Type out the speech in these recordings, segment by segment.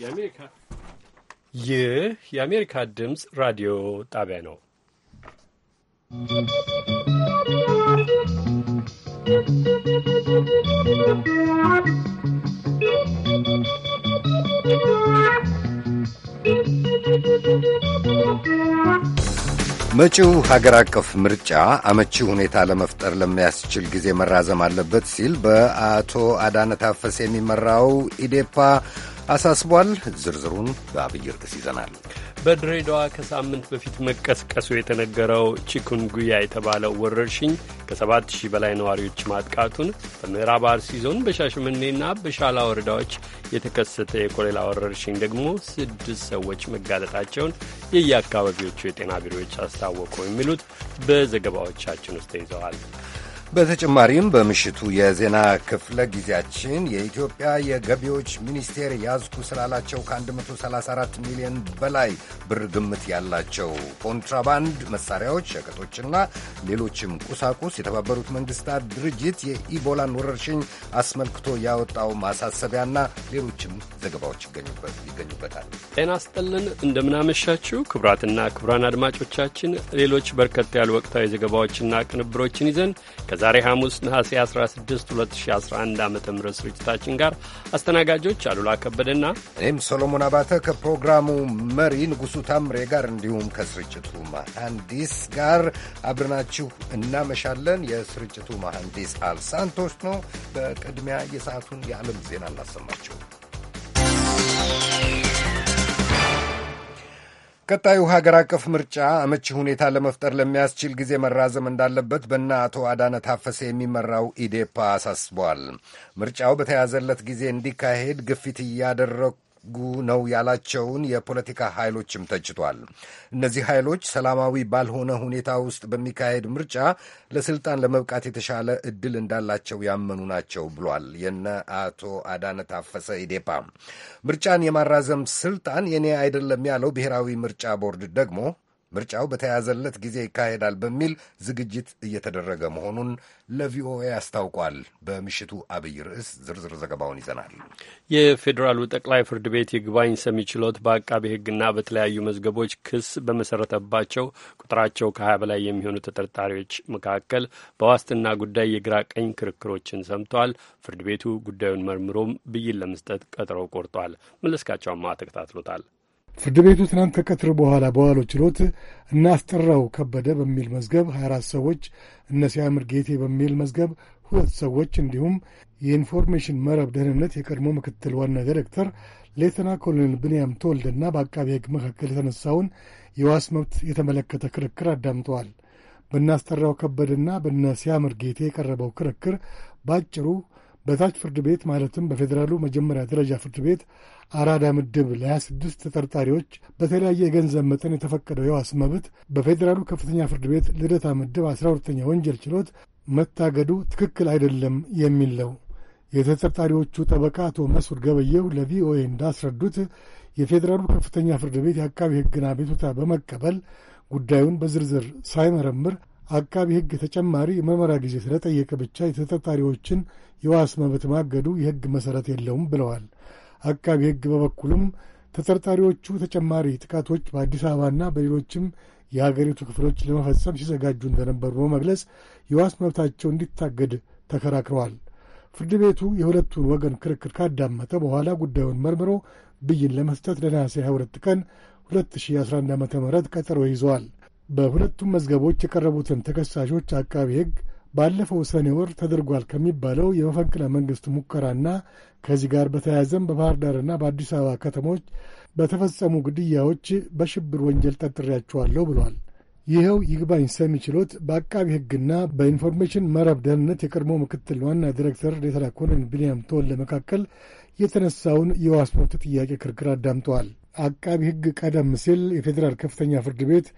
ይህ የአሜሪካ ድምፅ ራዲዮ ጣቢያ ነው። መጪው ሀገር አቀፍ ምርጫ አመቺ ሁኔታ ለመፍጠር ለሚያስችል ጊዜ መራዘም አለበት ሲል በአቶ አዳነ ታፈሰ የሚመራው ኢዴፓ አሳስቧል። ዝርዝሩን በአብይ ርዕስ ይዘናል። በድሬዳዋ ከሳምንት በፊት መቀስቀሱ የተነገረው ቺኩንጉያ የተባለው ወረርሽኝ ከ7000 በላይ ነዋሪዎች ማጥቃቱን በምዕራብ አርሲ ዞን በሻሸመኔና በሻላ ወረዳዎች የተከሰተ የኮሌላ ወረርሽኝ ደግሞ ስድስት ሰዎች መጋለጣቸውን የየአካባቢዎቹ የጤና ቢሮዎች አስታወቁ የሚሉት በዘገባዎቻችን ውስጥ ተይዘዋል። በተጨማሪም በምሽቱ የዜና ክፍለ ጊዜያችን የኢትዮጵያ የገቢዎች ሚኒስቴር ያዝኩ ስላላቸው ከ134 ሚሊዮን በላይ ብር ግምት ያላቸው ኮንትራባንድ መሳሪያዎች፣ ሸቀጦችና ሌሎችም ቁሳቁስ የተባበሩት መንግስታት ድርጅት የኢቦላን ወረርሽኝ አስመልክቶ ያወጣው ማሳሰቢያና ሌሎችም ዘገባዎች ይገኙበታል። ጤና ይስጥልን፣ እንደምናመሻችሁ ክቡራትና ክቡራን አድማጮቻችን ሌሎች በርከት ያሉ ወቅታዊ ዘገባዎችና ቅንብሮችን ይዘን ከዛሬ ሐሙስ ነሐሴ 16 2011 ዓ ም ስርጭታችን ጋር አስተናጋጆች አሉላ ከበደና እኔም ሰሎሞን አባተ ከፕሮግራሙ መሪ ንጉሡ ታምሬ ጋር እንዲሁም ከስርጭቱ መሐንዲስ ጋር አብረናችሁ እናመሻለን። የስርጭቱ መሐንዲስ አልሳንቶስ ነው። በቅድሚያ የሰዓቱን የዓለም ዜና እናሰማችሁ። ቀጣዩ ሀገር አቀፍ ምርጫ አመቺ ሁኔታ ለመፍጠር ለሚያስችል ጊዜ መራዘም እንዳለበት በእነ አቶ አዳነ ታፈሰ የሚመራው ኢዴፓ አሳስቧል። ምርጫው በተያዘለት ጊዜ እንዲካሄድ ግፊት እያደረግ ነው ያላቸውን የፖለቲካ ኃይሎችም ተችቷል። እነዚህ ኃይሎች ሰላማዊ ባልሆነ ሁኔታ ውስጥ በሚካሄድ ምርጫ ለስልጣን ለመብቃት የተሻለ እድል እንዳላቸው ያመኑ ናቸው ብሏል። የነ አቶ አዳነ ታፈሰ ኢዴፓ ምርጫን የማራዘም ስልጣን የኔ አይደለም ያለው ብሔራዊ ምርጫ ቦርድ ደግሞ ምርጫው በተያዘለት ጊዜ ይካሄዳል በሚል ዝግጅት እየተደረገ መሆኑን ለቪኦኤ አስታውቋል። በምሽቱ አብይ ርዕስ ዝርዝር ዘገባውን ይዘናል። የፌዴራሉ ጠቅላይ ፍርድ ቤት ይግባኝ ሰሚ ችሎት በአቃቤ ሕግና በተለያዩ መዝገቦች ክስ በመሰረተባቸው ቁጥራቸው ከሀያ በላይ የሚሆኑ ተጠርጣሪዎች መካከል በዋስትና ጉዳይ የግራ ቀኝ ክርክሮችን ሰምተዋል። ፍርድ ቤቱ ጉዳዩን መርምሮም ብይን ለመስጠት ቀጠሮ ቆርጧል። መለስካቸው አማ ተከታትሎታል። ፍርድ ቤቱ ትናንት ከቀትር በኋላ በዋለው ችሎት እናስጠራው ከበደ በሚል መዝገብ 24 ሰዎች፣ እነ ሲያምር ጌቴ በሚል መዝገብ ሁለት ሰዎች እንዲሁም የኢንፎርሜሽን መረብ ደህንነት የቀድሞ ምክትል ዋና ዲሬክተር ሌተና ኮሎኔል ብንያም ተወልደና በአቃቢ ሕግ መካከል የተነሳውን የዋስ መብት የተመለከተ ክርክር አዳምጠዋል። በናስጠራው ከበደና በነ ሲያምር ጌቴ የቀረበው ክርክር ባጭሩ በታች ፍርድ ቤት ማለትም በፌዴራሉ መጀመሪያ ደረጃ ፍርድ ቤት አራዳ ምድብ ለ26 ተጠርጣሪዎች በተለያየ የገንዘብ መጠን የተፈቀደው የዋስ መብት በፌዴራሉ ከፍተኛ ፍርድ ቤት ልደታ ምድብ 12ኛ ወንጀል ችሎት መታገዱ ትክክል አይደለም የሚል ነው። የተጠርጣሪዎቹ ጠበቃ አቶ መስዑድ ገበየው ለቪኦኤ እንዳስረዱት የፌዴራሉ ከፍተኛ ፍርድ ቤት የአቃቢ ሕግን አቤቱታ በመቀበል ጉዳዩን በዝርዝር ሳይመረምር አቃቢ ሕግ ተጨማሪ የምርመራ ጊዜ ስለጠየቀ ብቻ የተጠርጣሪዎችን የዋስ መብት ማገዱ የሕግ መሠረት የለውም ብለዋል። አቃቢ ሕግ በበኩሉም ተጠርጣሪዎቹ ተጨማሪ ጥቃቶች በአዲስ አበባና በሌሎችም የአገሪቱ ክፍሎች ለመፈጸም ሲዘጋጁ እንደነበሩ በመግለጽ የዋስ መብታቸው እንዲታገድ ተከራክረዋል። ፍርድ ቤቱ የሁለቱን ወገን ክርክር ካዳመጠ በኋላ ጉዳዩን መርምሮ ብይን ለመስጠት ለነሐሴ 22 ቀን 2011 ዓ ም ቀጠሮ ይዘዋል። በሁለቱም መዝገቦች የቀረቡትን ተከሳሾች አቃቢ ሕግ ባለፈው ሰኔ ወር ተደርጓል ከሚባለው የመፈንቅለ መንግሥት ሙከራና ከዚህ ጋር በተያያዘም በባህር ዳርና በአዲስ አበባ ከተሞች በተፈጸሙ ግድያዎች በሽብር ወንጀል ጠርጥሬያቸዋለሁ ብሏል። ይኸው ይግባኝ ሰሚ ችሎት በአቃቢ ሕግና በኢንፎርሜሽን መረብ ደህንነት የቀድሞ ምክትል ዋና ዲሬክተር ሌተና ኮሎኔል ቢልያም ተወልደ መካከል የተነሳውን የዋስ መብት ጥያቄ ክርክር አዳምጠዋል። አቃቢ ሕግ ቀደም ሲል የፌዴራል ከፍተኛ ፍርድ ቤት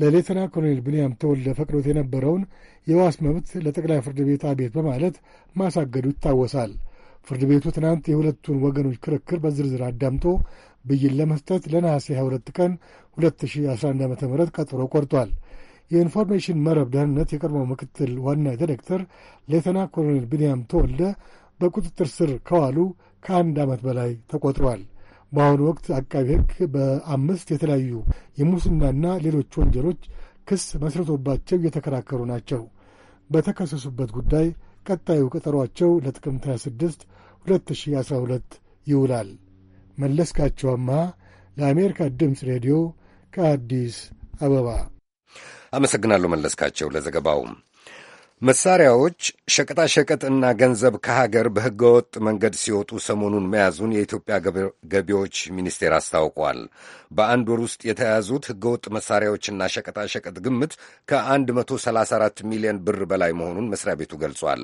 ለሌተና ኮሎኔል ብንያም ተወልደ ፈቅዶት የነበረውን የዋስ መብት ለጠቅላይ ፍርድ ቤት አቤት በማለት ማሳገዱ ይታወሳል። ፍርድ ቤቱ ትናንት የሁለቱን ወገኖች ክርክር በዝርዝር አዳምጦ ብይን ለመስጠት ለነሐሴ 22 ቀን 2011 ዓ ም ቀጠሮ ቆርጧል። የኢንፎርሜሽን መረብ ደህንነት የቀድሞ ምክትል ዋና ዲሬክተር ሌተና ኮሎኔል ብንያም ተወልደ በቁጥጥር ስር ከዋሉ ከአንድ ዓመት በላይ ተቆጥሯል። በአሁኑ ወቅት አቃቢ ሕግ በአምስት የተለያዩ የሙስናና ሌሎች ወንጀሎች ክስ መስርቶባቸው እየተከራከሩ ናቸው። በተከሰሱበት ጉዳይ ቀጣዩ ቀጠሯቸው ለጥቅምት 26 2012 ይውላል። መለስካቸው አምሃ ለአሜሪካ ድምፅ ሬዲዮ ከአዲስ አበባ አመሰግናለሁ መለስካቸው ለዘገባው። መሳሪያዎች፣ ሸቀጣሸቀጥ እና ገንዘብ ከሀገር በሕገወጥ መንገድ ሲወጡ ሰሞኑን መያዙን የኢትዮጵያ ገቢዎች ሚኒስቴር አስታውቋል። በአንድ ወር ውስጥ የተያዙት ሕገወጥ መሳሪያዎችና ሸቀጣሸቀጥ ግምት ከ134 ሚሊዮን ብር በላይ መሆኑን መስሪያ ቤቱ ገልጿል።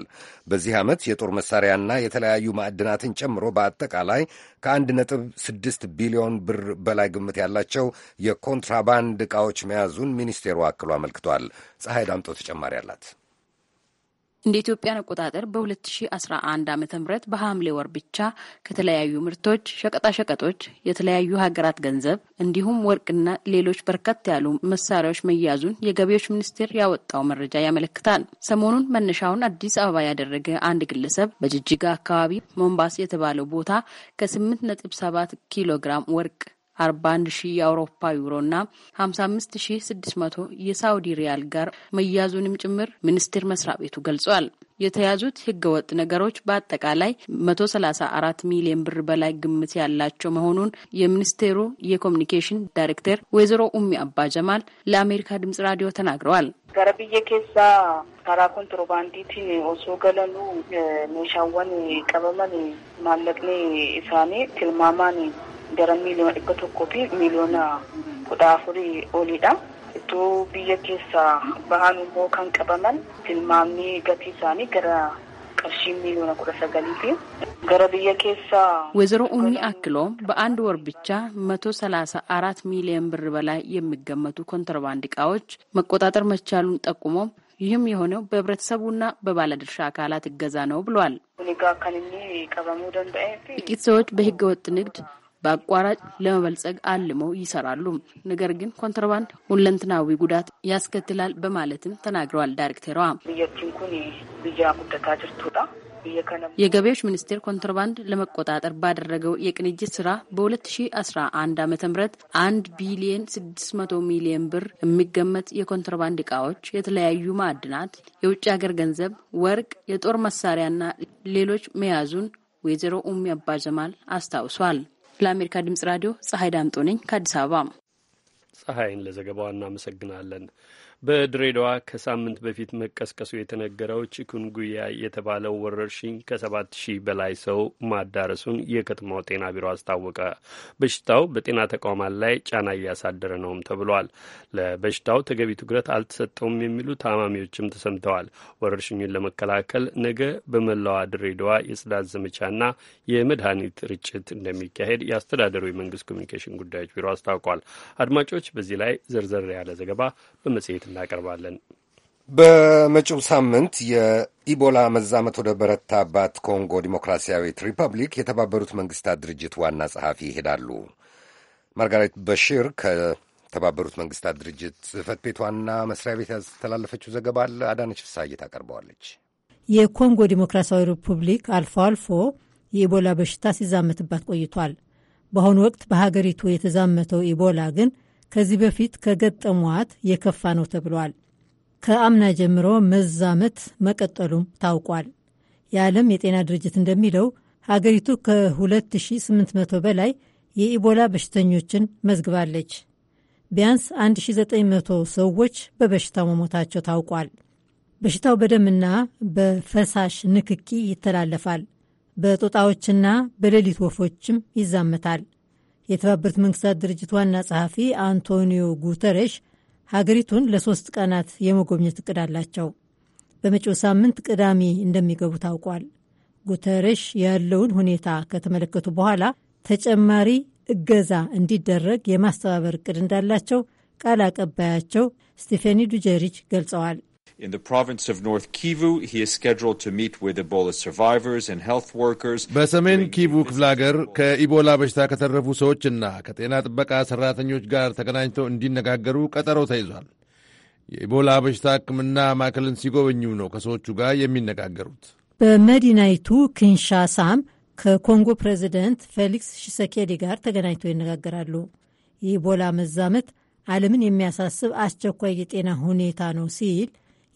በዚህ ዓመት የጦር መሳሪያና የተለያዩ ማዕድናትን ጨምሮ በአጠቃላይ ከ1.6 ቢሊዮን ብር በላይ ግምት ያላቸው የኮንትራባንድ ዕቃዎች መያዙን ሚኒስቴሩ አክሎ አመልክቷል። ፀሐይ ዳምጦ ተጨማሪ አላት። እንደ ኢትዮጵያን አቆጣጠር በ2011 ዓ ም በሐምሌ ወር ብቻ ከተለያዩ ምርቶች፣ ሸቀጣሸቀጦች፣ የተለያዩ ሀገራት ገንዘብ እንዲሁም ወርቅና ሌሎች በርከት ያሉ መሳሪያዎች መያዙን የገቢዎች ሚኒስቴር ያወጣው መረጃ ያመለክታል። ሰሞኑን መነሻውን አዲስ አበባ ያደረገ አንድ ግለሰብ በጅጅጋ አካባቢ ሞምባስ የተባለው ቦታ ከ8.7 ኪሎ ግራም ወርቅ 41 ሺህ የአውሮፓ ዩሮ 55 55,600 600 የሳውዲ ሪያል ጋር መያዙንም ጭምር ሚኒስቴር መስሪያ ቤቱ ገልጿል። የተያዙት ህገወጥ ነገሮች በአጠቃላይ 134 ሚሊዮን ብር በላይ ግምት ያላቸው መሆኑን የሚኒስቴሩ የኮሚኒኬሽን ዳይሬክተር ወይዘሮ ኡሚ አባ ጀማል ለአሜሪካ ድምጽ ራዲዮ ተናግረዋል። ገረብየ ኬሳ ካራ ኮንትሮባንዲቲን ኦሶ ገለሉ ሜሻወን ቀበመን ማለቅኔ ኢሳኔ ትልማማን gara miliyoona dhibba tokkoo fi miliyoona kudha afurii oliidha. Iddoo biyya keessaa bahan immoo kan qabaman tilmaamni gatii isaanii gara qarshii miliyoona kudha sagalii fi gara biyya keessaa ወይዘሮ ኡሚ አክሎ በአንድ ወር ብቻ መቶ ሰላሳ አራት ሚሊዮን ብር በላይ የሚገመቱ ኮንትሮባንድ እቃዎች መቆጣጠር መቻሉን ጠቁሞ ይህም የሆነው በህብረተሰቡና በባለድርሻ አካላት እገዛ ነው ብሏል። ጥቂት ሰዎች በህገ ወጥ ንግድ በአቋራጭ ለመበልጸግ አልመው ይሰራሉ። ነገር ግን ኮንትሮባንድ ሁለንትናዊ ጉዳት ያስከትላል በማለትም ተናግረዋል ዳይሬክተሯ። የገቢዎች ሚኒስቴር ኮንትሮባንድ ለመቆጣጠር ባደረገው የቅንጅት ስራ በ2011 ዓ ም አንድ ቢሊየን 600 ሚሊየን ብር የሚገመት የኮንትሮባንድ እቃዎች፣ የተለያዩ ማዕድናት፣ የውጭ ሀገር ገንዘብ፣ ወርቅ፣ የጦር መሳሪያና ሌሎች መያዙን ወይዘሮ ኡሚ አባጀማል አስታውሷል። ለአሜሪካ ድምጽ ራዲዮ ፀሐይ ዳምጦ ነኝ ከአዲስ አበባ። ፀሐይን ለዘገባዋ እናመሰግናለን። በድሬዳዋ ከሳምንት በፊት መቀስቀሱ የተነገረው ቺኩንጉያ የተባለው ወረርሽኝ ከሰባት ሺህ በላይ ሰው ማዳረሱን የከተማው ጤና ቢሮ አስታወቀ። በሽታው በጤና ተቋማት ላይ ጫና እያሳደረ ነውም ተብሏል። ለበሽታው ተገቢ ትኩረት አልተሰጠውም የሚሉ ታማሚዎችም ተሰምተዋል። ወረርሽኙን ለመከላከል ነገ በመላዋ ድሬዳዋ የጽዳት ዘመቻና የመድኃኒት ርጭት እንደሚካሄድ የአስተዳደሩ የመንግስት ኮሚኒኬሽን ጉዳዮች ቢሮ አስታውቋል። አድማጮች፣ በዚህ ላይ ዘርዘር ያለ ዘገባ በመጽሔት እናቀርባለን። በመጪው ሳምንት የኢቦላ መዛመት ወደ በረታባት ኮንጎ ዲሞክራሲያዊት ሪፐብሊክ የተባበሩት መንግስታት ድርጅት ዋና ጸሐፊ ይሄዳሉ። ማርጋሬት በሺር ከተባበሩት መንግስታት ድርጅት ጽህፈት ቤት ዋና መስሪያ ቤት ያስተላለፈችው ዘገባ አለ። አዳነች ፍሳዬ ታቀርበዋለች። የኮንጎ ዲሞክራሲያዊ ሪፑብሊክ አልፎ አልፎ የኢቦላ በሽታ ሲዛመትባት ቆይቷል። በአሁኑ ወቅት በሀገሪቱ የተዛመተው ኢቦላ ግን ከዚህ በፊት ከገጠሟት የከፋ ነው ተብሏል። ከአምና ጀምሮ መዛመት መቀጠሉም ታውቋል። የዓለም የጤና ድርጅት እንደሚለው ሀገሪቱ ከ2800 በላይ የኢቦላ በሽተኞችን መዝግባለች። ቢያንስ 1900 ሰዎች በበሽታው መሞታቸው ታውቋል። በሽታው በደምና በፈሳሽ ንክኪ ይተላለፋል። በጦጣዎችና በሌሊት ወፎችም ይዛመታል። የተባበሩት መንግስታት ድርጅት ዋና ጸሐፊ አንቶኒዮ ጉተረሽ ሀገሪቱን ለሶስት ቀናት የመጎብኘት እቅድ አላቸው። በመጪው ሳምንት ቅዳሜ እንደሚገቡ ታውቋል። ጉተረሽ ያለውን ሁኔታ ከተመለከቱ በኋላ ተጨማሪ እገዛ እንዲደረግ የማስተባበር እቅድ እንዳላቸው ቃል አቀባያቸው ስቴፋኒ ዱጀሪች ገልጸዋል። In the province of North Kivu, he is scheduled to meet with Ebola survivors and health workers. በሰሜን ኪቡ ክፍለ ሀገር ከኢቦላ በሽታ ከተረፉ ሰዎችና ከጤና ጥበቃ ሰራተኞች ጋር ተገናኝተው እንዲነጋገሩ ቀጠሮ ተይዟል። የኢቦላ በሽታ ሕክምና ማዕከልን ሲጎበኙ ነው ከሰዎቹ ጋር የሚነጋገሩት። በመዲናይቱ ኪንሻሳም ከኮንጎ ፕሬዚደንት ፌሊክስ ሺሰኬዲ ጋር ተገናኝተው ይነጋገራሉ። የኢቦላ መዛመት ዓለምን የሚያሳስብ አስቸኳይ የጤና ሁኔታ ነው ሲል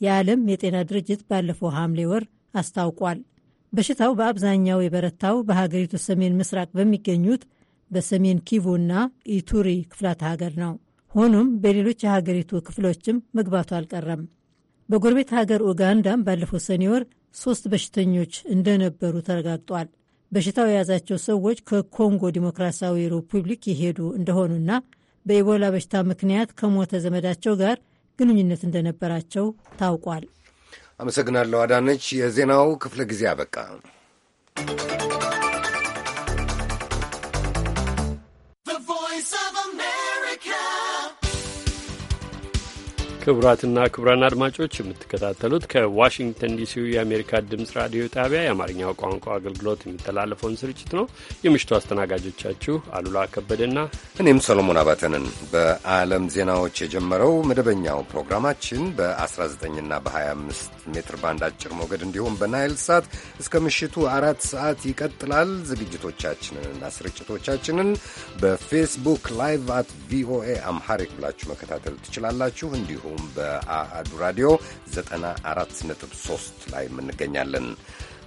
የዓለም የጤና ድርጅት ባለፈው ሐምሌ ወር አስታውቋል። በሽታው በአብዛኛው የበረታው በሀገሪቱ ሰሜን ምስራቅ በሚገኙት በሰሜን እና ኢቱሪ ክፍላተ ሀገር ነው። ሆኖም በሌሎች የሀገሪቱ ክፍሎችም መግባቱ አልቀረም። በጎረቤት ሀገር ኡጋንዳም ባለፈው ሰኔ ወር ሶስት በሽተኞች እንደነበሩ ተረጋግጧል። በሽታው የያዛቸው ሰዎች ከኮንጎ ዲሞክራሲያዊ ሪፑብሊክ የሄዱ እንደሆኑና በኢቦላ በሽታ ምክንያት ከሞተ ዘመዳቸው ጋር ግንኙነት እንደነበራቸው ታውቋል። አመሰግናለሁ አዳነች። የዜናው ክፍለ ጊዜ አበቃ። ክቡራትና ክቡራን አድማጮች የምትከታተሉት ከዋሽንግተን ዲሲ የአሜሪካ ድምፅ ራዲዮ ጣቢያ የአማርኛው ቋንቋ አገልግሎት የሚተላለፈውን ስርጭት ነው። የምሽቱ አስተናጋጆቻችሁ አሉላ ከበደና እኔም ሰሎሞን አባተንን። በዓለም ዜናዎች የጀመረው መደበኛው ፕሮግራማችን በ19ና በ25 ሜትር ባንድ አጭር ሞገድ እንዲሁም በናይል ሳት እስከ ምሽቱ አራት ሰዓት ይቀጥላል። ዝግጅቶቻችንንና ስርጭቶቻችንን በፌስቡክ ላይቭ አት ቪኦኤ አምሃሪክ ብላችሁ መከታተል ትችላላችሁ። እንዲሁም አሁን በአሃዱ ራዲዮ 94.3 ላይ እንገኛለን።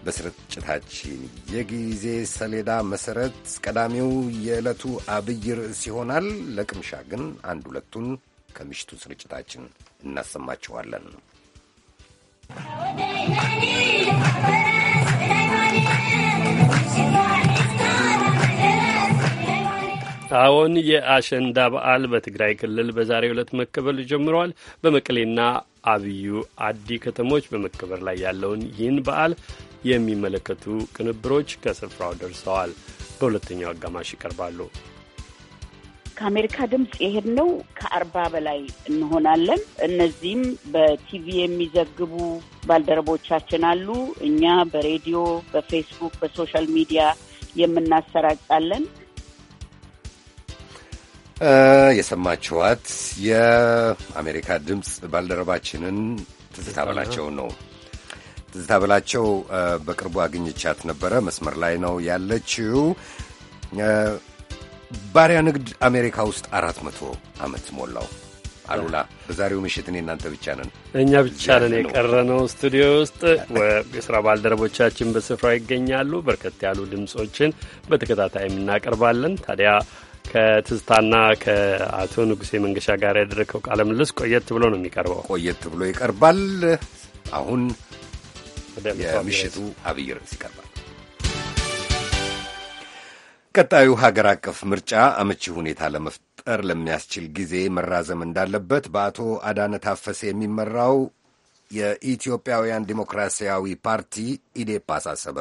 በስርጭታችን የጊዜ ሰሌዳ መሰረት ቀዳሚው የዕለቱ አብይ ርዕስ ይሆናል። ለቅምሻ ግን አንድ ሁለቱን ከምሽቱ ስርጭታችን እናሰማችኋለን። ወደ አዎን፣ የአሸንዳ በዓል በትግራይ ክልል በዛሬው ዕለት መከበር ጀምረዋል። በመቀሌና አብዩ አዲ ከተሞች በመከበር ላይ ያለውን ይህን በዓል የሚመለከቱ ቅንብሮች ከስፍራው ደርሰዋል። በሁለተኛው አጋማሽ ይቀርባሉ። ከአሜሪካ ድምፅ የሄድነው ከአርባ በላይ እንሆናለን። እነዚህም በቲቪ የሚዘግቡ ባልደረቦቻችን አሉ። እኛ በሬዲዮ፣ በፌስቡክ፣ በሶሻል ሚዲያ የምናሰራጫለን። የሰማችኋት የአሜሪካ ድምፅ ባልደረባችንን ትዝታ በላቸውን ነው። ትዝታ በላቸው በቅርቡ አግኝቻት ነበረ። መስመር ላይ ነው ያለችው። ባሪያ ንግድ አሜሪካ ውስጥ አራት መቶ ዓመት ሞላው። አሉላ በዛሬው ምሽት እኔ እናንተ ብቻ ነን፣ እኛ ብቻ ነን የቀረነው ስቱዲዮ ውስጥ። የስራ ባልደረቦቻችን በስፍራው ይገኛሉ። በርከት ያሉ ድምፆችን በተከታታይ እናቀርባለን። ታዲያ ከትዝታና ከአቶ ንጉሴ መንገሻ ጋር ያደረገው ቃለ ምልልስ ቆየት ብሎ ነው የሚቀርበው። ቆየት ብሎ ይቀርባል። አሁን የምሽቱ አብይ ርዕስ ይቀርባል። ቀጣዩ ሀገር አቀፍ ምርጫ አመቺ ሁኔታ ለመፍጠር ለሚያስችል ጊዜ መራዘም እንዳለበት በአቶ አዳነ ታፈሰ የሚመራው የኢትዮጵያውያን ዲሞክራሲያዊ ፓርቲ ኢዴፓ አሳሰበ።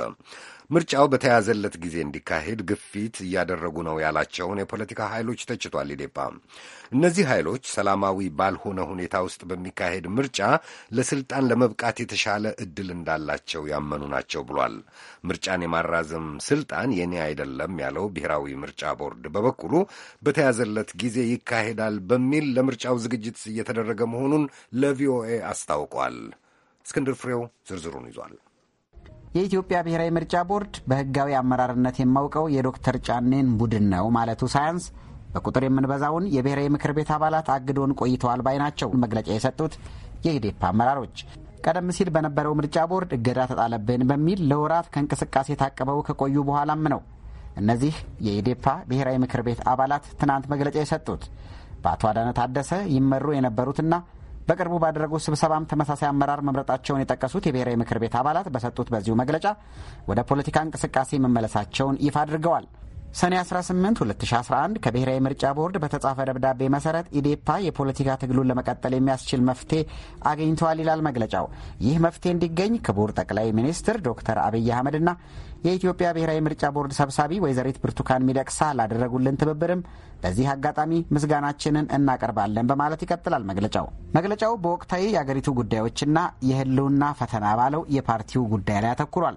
ምርጫው በተያዘለት ጊዜ እንዲካሄድ ግፊት እያደረጉ ነው ያላቸውን የፖለቲካ ኃይሎች ተችቷል። ኢዴፓ እነዚህ ኃይሎች ሰላማዊ ባልሆነ ሁኔታ ውስጥ በሚካሄድ ምርጫ ለስልጣን ለመብቃት የተሻለ እድል እንዳላቸው ያመኑ ናቸው ብሏል። ምርጫን የማራዘም ስልጣን የኔ አይደለም ያለው ብሔራዊ ምርጫ ቦርድ በበኩሉ በተያዘለት ጊዜ ይካሄዳል በሚል ለምርጫው ዝግጅት እየተደረገ መሆኑን ለቪኦኤ አስታውቋል። እስክንድር ፍሬው ዝርዝሩን ይዟል። የኢትዮጵያ ብሔራዊ ምርጫ ቦርድ በህጋዊ አመራርነት የማውቀው የዶክተር ጫኔን ቡድን ነው ማለቱ ሳያንስ በቁጥር የምንበዛውን የብሔራዊ ምክር ቤት አባላት አግዶን ቆይተዋል ባይ ናቸው መግለጫ የሰጡት የኢዴፓ አመራሮች። ቀደም ሲል በነበረው ምርጫ ቦርድ እገዳ ተጣለብን በሚል ለወራት ከእንቅስቃሴ ታቅበው ከቆዩ በኋላም ነው እነዚህ የኢዴፓ ብሔራዊ ምክር ቤት አባላት ትናንት መግለጫ የሰጡት። በአቶ አዳነ ታደሰ ይመሩ የነበሩትና በቅርቡ ባደረጉት ስብሰባም ተመሳሳይ አመራር መምረጣቸውን የጠቀሱት የብሔራዊ ምክር ቤት አባላት በሰጡት በዚሁ መግለጫ ወደ ፖለቲካ እንቅስቃሴ መመለሳቸውን ይፋ አድርገዋል። ሰኔ 18 2011 ከብሔራዊ ምርጫ ቦርድ በተጻፈ ደብዳቤ መሰረት ኢዴፓ የፖለቲካ ትግሉን ለመቀጠል የሚያስችል መፍትሄ አግኝተዋል ይላል መግለጫው። ይህ መፍትሄ እንዲገኝ ክቡር ጠቅላይ ሚኒስትር ዶክተር አብይ አህመድና የኢትዮጵያ ብሔራዊ ምርጫ ቦርድ ሰብሳቢ ወይዘሪት ብርቱካን ሚደቅሳ ላደረጉልን ትብብርም በዚህ አጋጣሚ ምስጋናችንን እናቀርባለን በማለት ይቀጥላል መግለጫው። መግለጫው በወቅታዊ የአገሪቱ ጉዳዮችና የህልውና ፈተና ባለው የፓርቲው ጉዳይ ላይ አተኩሯል።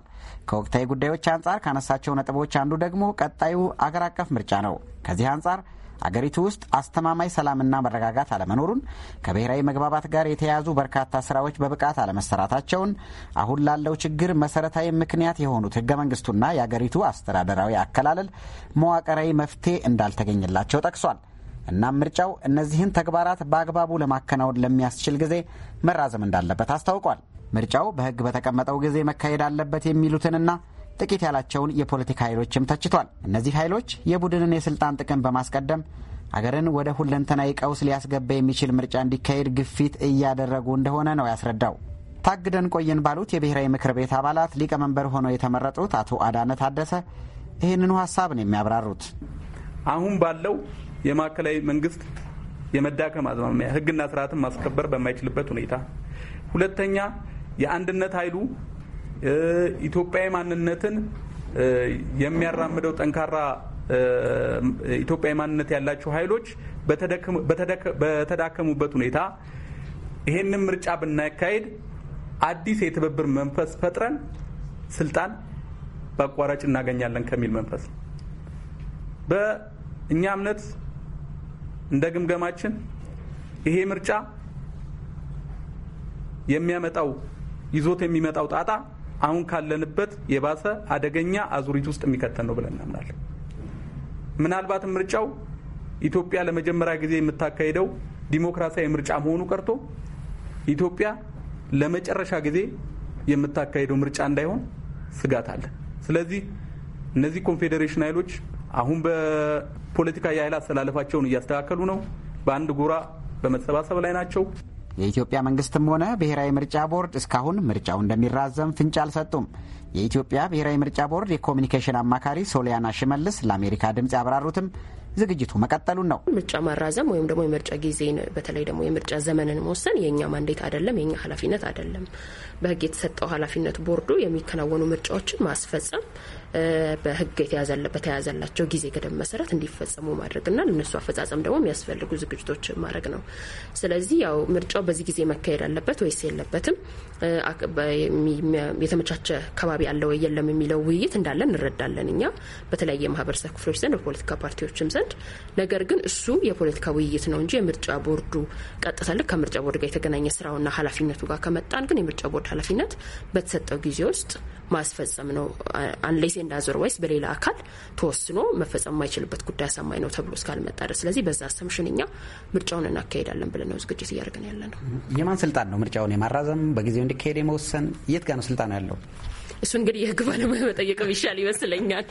ከወቅታዊ ጉዳዮች አንጻር ካነሳቸው ነጥቦች አንዱ ደግሞ ቀጣዩ አገር አቀፍ ምርጫ ነው። ከዚህ አንጻር አገሪቱ ውስጥ አስተማማኝ ሰላምና መረጋጋት አለመኖሩን፣ ከብሔራዊ መግባባት ጋር የተያያዙ በርካታ ስራዎች በብቃት አለመሰራታቸውን፣ አሁን ላለው ችግር መሰረታዊ ምክንያት የሆኑት ህገ መንግስቱና የአገሪቱ አስተዳደራዊ አከላለል መዋቅራዊ መፍትሄ እንዳልተገኘላቸው ጠቅሷል። እናም ምርጫው እነዚህን ተግባራት በአግባቡ ለማከናወን ለሚያስችል ጊዜ መራዘም እንዳለበት አስታውቋል። ምርጫው በህግ በተቀመጠው ጊዜ መካሄድ አለበት የሚሉትንና ጥቂት ያላቸውን የፖለቲካ ኃይሎችም ተችቷል። እነዚህ ኃይሎች የቡድንን የስልጣን ጥቅም በማስቀደም አገርን ወደ ሁለንተናዊ ቀውስ ሊያስገባ የሚችል ምርጫ እንዲካሄድ ግፊት እያደረጉ እንደሆነ ነው ያስረዳው። ታግደን ቆየን ባሉት የብሔራዊ ምክር ቤት አባላት ሊቀመንበር ሆነው የተመረጡት አቶ አዳነ ታደሰ ይህንኑ ሀሳብ ነው የሚያብራሩት። አሁን ባለው የማዕከላዊ መንግስት የመዳከም አዝማሚያ ህግና ስርዓትን ማስከበር በማይችልበት ሁኔታ፣ ሁለተኛ የአንድነት ኃይሉ ኢትዮጵያዊ ማንነትን የሚያራምደው ጠንካራ ኢትዮጵያዊ ማንነት ያላቸው ኃይሎች በተዳከሙበት ሁኔታ ይሄንን ምርጫ ብናካሄድ አዲስ የትብብር መንፈስ ፈጥረን ስልጣን በአቋራጭ እናገኛለን ከሚል መንፈስ ነው። በእኛ እምነት እንደ ግምገማችን ይሄ ምርጫ የሚያመጣው ይዞት የሚመጣው ጣጣ አሁን ካለንበት የባሰ አደገኛ አዙሪት ውስጥ የሚከተን ነው ብለን እናምናለን። ምናልባት ምርጫው ኢትዮጵያ ለመጀመሪያ ጊዜ የምታካሄደው ዲሞክራሲያዊ ምርጫ መሆኑ ቀርቶ ኢትዮጵያ ለመጨረሻ ጊዜ የምታካሄደው ምርጫ እንዳይሆን ስጋት አለ። ስለዚህ እነዚህ ኮንፌዴሬሽን ኃይሎች አሁን በፖለቲካ የኃይል አስተላለፋቸውን እያስተካከሉ ነው። በአንድ ጎራ በመሰባሰብ ላይ ናቸው። የኢትዮጵያ መንግስትም ሆነ ብሔራዊ ምርጫ ቦርድ እስካሁን ምርጫው እንደሚራዘም ፍንጭ አልሰጡም። የኢትዮጵያ ብሔራዊ ምርጫ ቦርድ የኮሚኒኬሽን አማካሪ ሶሊያና ሽመልስ ለአሜሪካ ድምፅ ያብራሩትም ዝግጅቱ መቀጠሉን ነው። ምርጫ ማራዘም ወይም ደግሞ የምርጫ ጊዜን በተለይ ደግሞ የምርጫ ዘመንን መወሰን የእኛ ማንዴት አይደለም፣ የእኛ ኃላፊነት አይደለም። በህግ የተሰጠው ኃላፊነት ቦርዱ የሚከናወኑ ምርጫዎችን ማስፈጸም በህግ በተያዘላቸው ጊዜ ገደብ መሰረት እንዲፈጸሙ ማድረግና ለእነሱ አፈጻጸም ደግሞ የሚያስፈልጉ ዝግጅቶች ማድረግ ነው። ስለዚህ ያው ምርጫው በዚህ ጊዜ መካሄድ አለበት ወይስ የለበትም፣ የተመቻቸ ከባቢ አለ ወይ የለም የሚለው ውይይት እንዳለ እንረዳለን እኛ በተለያየ ማህበረሰብ ክፍሎች ዘንድ በፖለቲካ ፓርቲዎችም ዘንድ። ነገር ግን እሱ የፖለቲካ ውይይት ነው እንጂ የምርጫ ቦርዱ ቀጥታ ልክ ከምርጫ ቦርድ ጋር የተገናኘ ስራውና ኃላፊነቱ ጋር ከመጣን ግን የምርጫ ቦርድ ኃላፊነት በተሰጠው ጊዜ ውስጥ ማስፈጸም ነው። አንሌሴ ወይስ በሌላ አካል ተወስኖ መፈጸም የማይችልበት ጉዳይ አሳማኝ ነው ተብሎ እስካልመጣ ድረስ ስለዚህ በዛ አሰምሽን እኛ ምርጫውን እናካሄዳለን ብለን ነው ዝግጅት እያደረግን ያለ ነው። የማን ስልጣን ነው ምርጫውን የማራዘም በጊዜው እንዲካሄድ የመወሰን የት ጋር ነው ስልጣኑ ያለው? እሱ እንግዲህ የህግ ባለሙያ መጠየቅ ይሻል ይመስለኛል።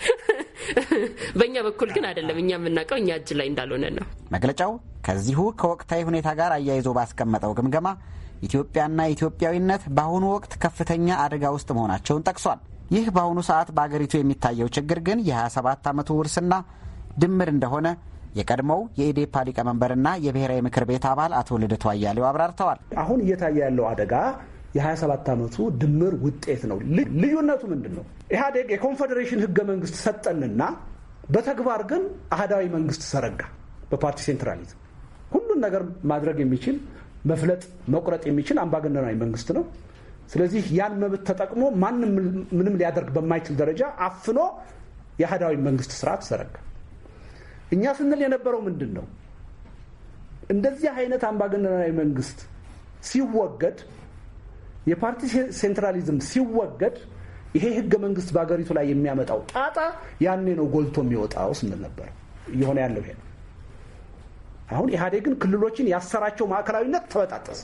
በእኛ በኩል ግን አይደለም። እኛ የምናውቀው እኛ እጅ ላይ እንዳልሆነ ነው። መግለጫው ከዚሁ ከወቅታዊ ሁኔታ ጋር አያይዞ ባስቀመጠው ግምገማ ኢትዮጵያና ኢትዮጵያዊነት በአሁኑ ወቅት ከፍተኛ አደጋ ውስጥ መሆናቸውን ጠቅሷል። ይህ በአሁኑ ሰዓት በአገሪቱ የሚታየው ችግር ግን የ27 ዓመቱ ውርስና ድምር እንደሆነ የቀድሞው የኢዴፓ ሊቀመንበርና የብሔራዊ ምክር ቤት አባል አቶ ልደቱ አያሌው አብራርተዋል። አሁን እየታየ ያለው አደጋ የ27 ዓመቱ ድምር ውጤት ነው። ልዩነቱ ምንድን ነው? ኢህአዴግ የኮንፌዴሬሽን ህገ መንግስት ሰጠንና በተግባር ግን አህዳዊ መንግስት ሰረጋ። በፓርቲ ሴንትራሊዝም ሁሉን ነገር ማድረግ የሚችል መፍለጥ መቁረጥ የሚችል አምባገነናዊ መንግስት ነው። ስለዚህ ያን መብት ተጠቅሞ ማንም ምንም ሊያደርግ በማይችል ደረጃ አፍኖ የአህዳዊ መንግስት ስርዓት ዘረጋ። እኛ ስንል የነበረው ምንድን ነው? እንደዚህ አይነት አምባገነናዊ መንግስት ሲወገድ፣ የፓርቲ ሴንትራሊዝም ሲወገድ፣ ይሄ ህገ መንግስት በሀገሪቱ ላይ የሚያመጣው ጣጣ ያኔ ነው ጎልቶ የሚወጣው ስንል ነበር። እየሆነ ያለው ይሄ ነው። አሁን ኢህአዴግን ክልሎችን ያሰራቸው ማዕከላዊነት ተበጣጠሰ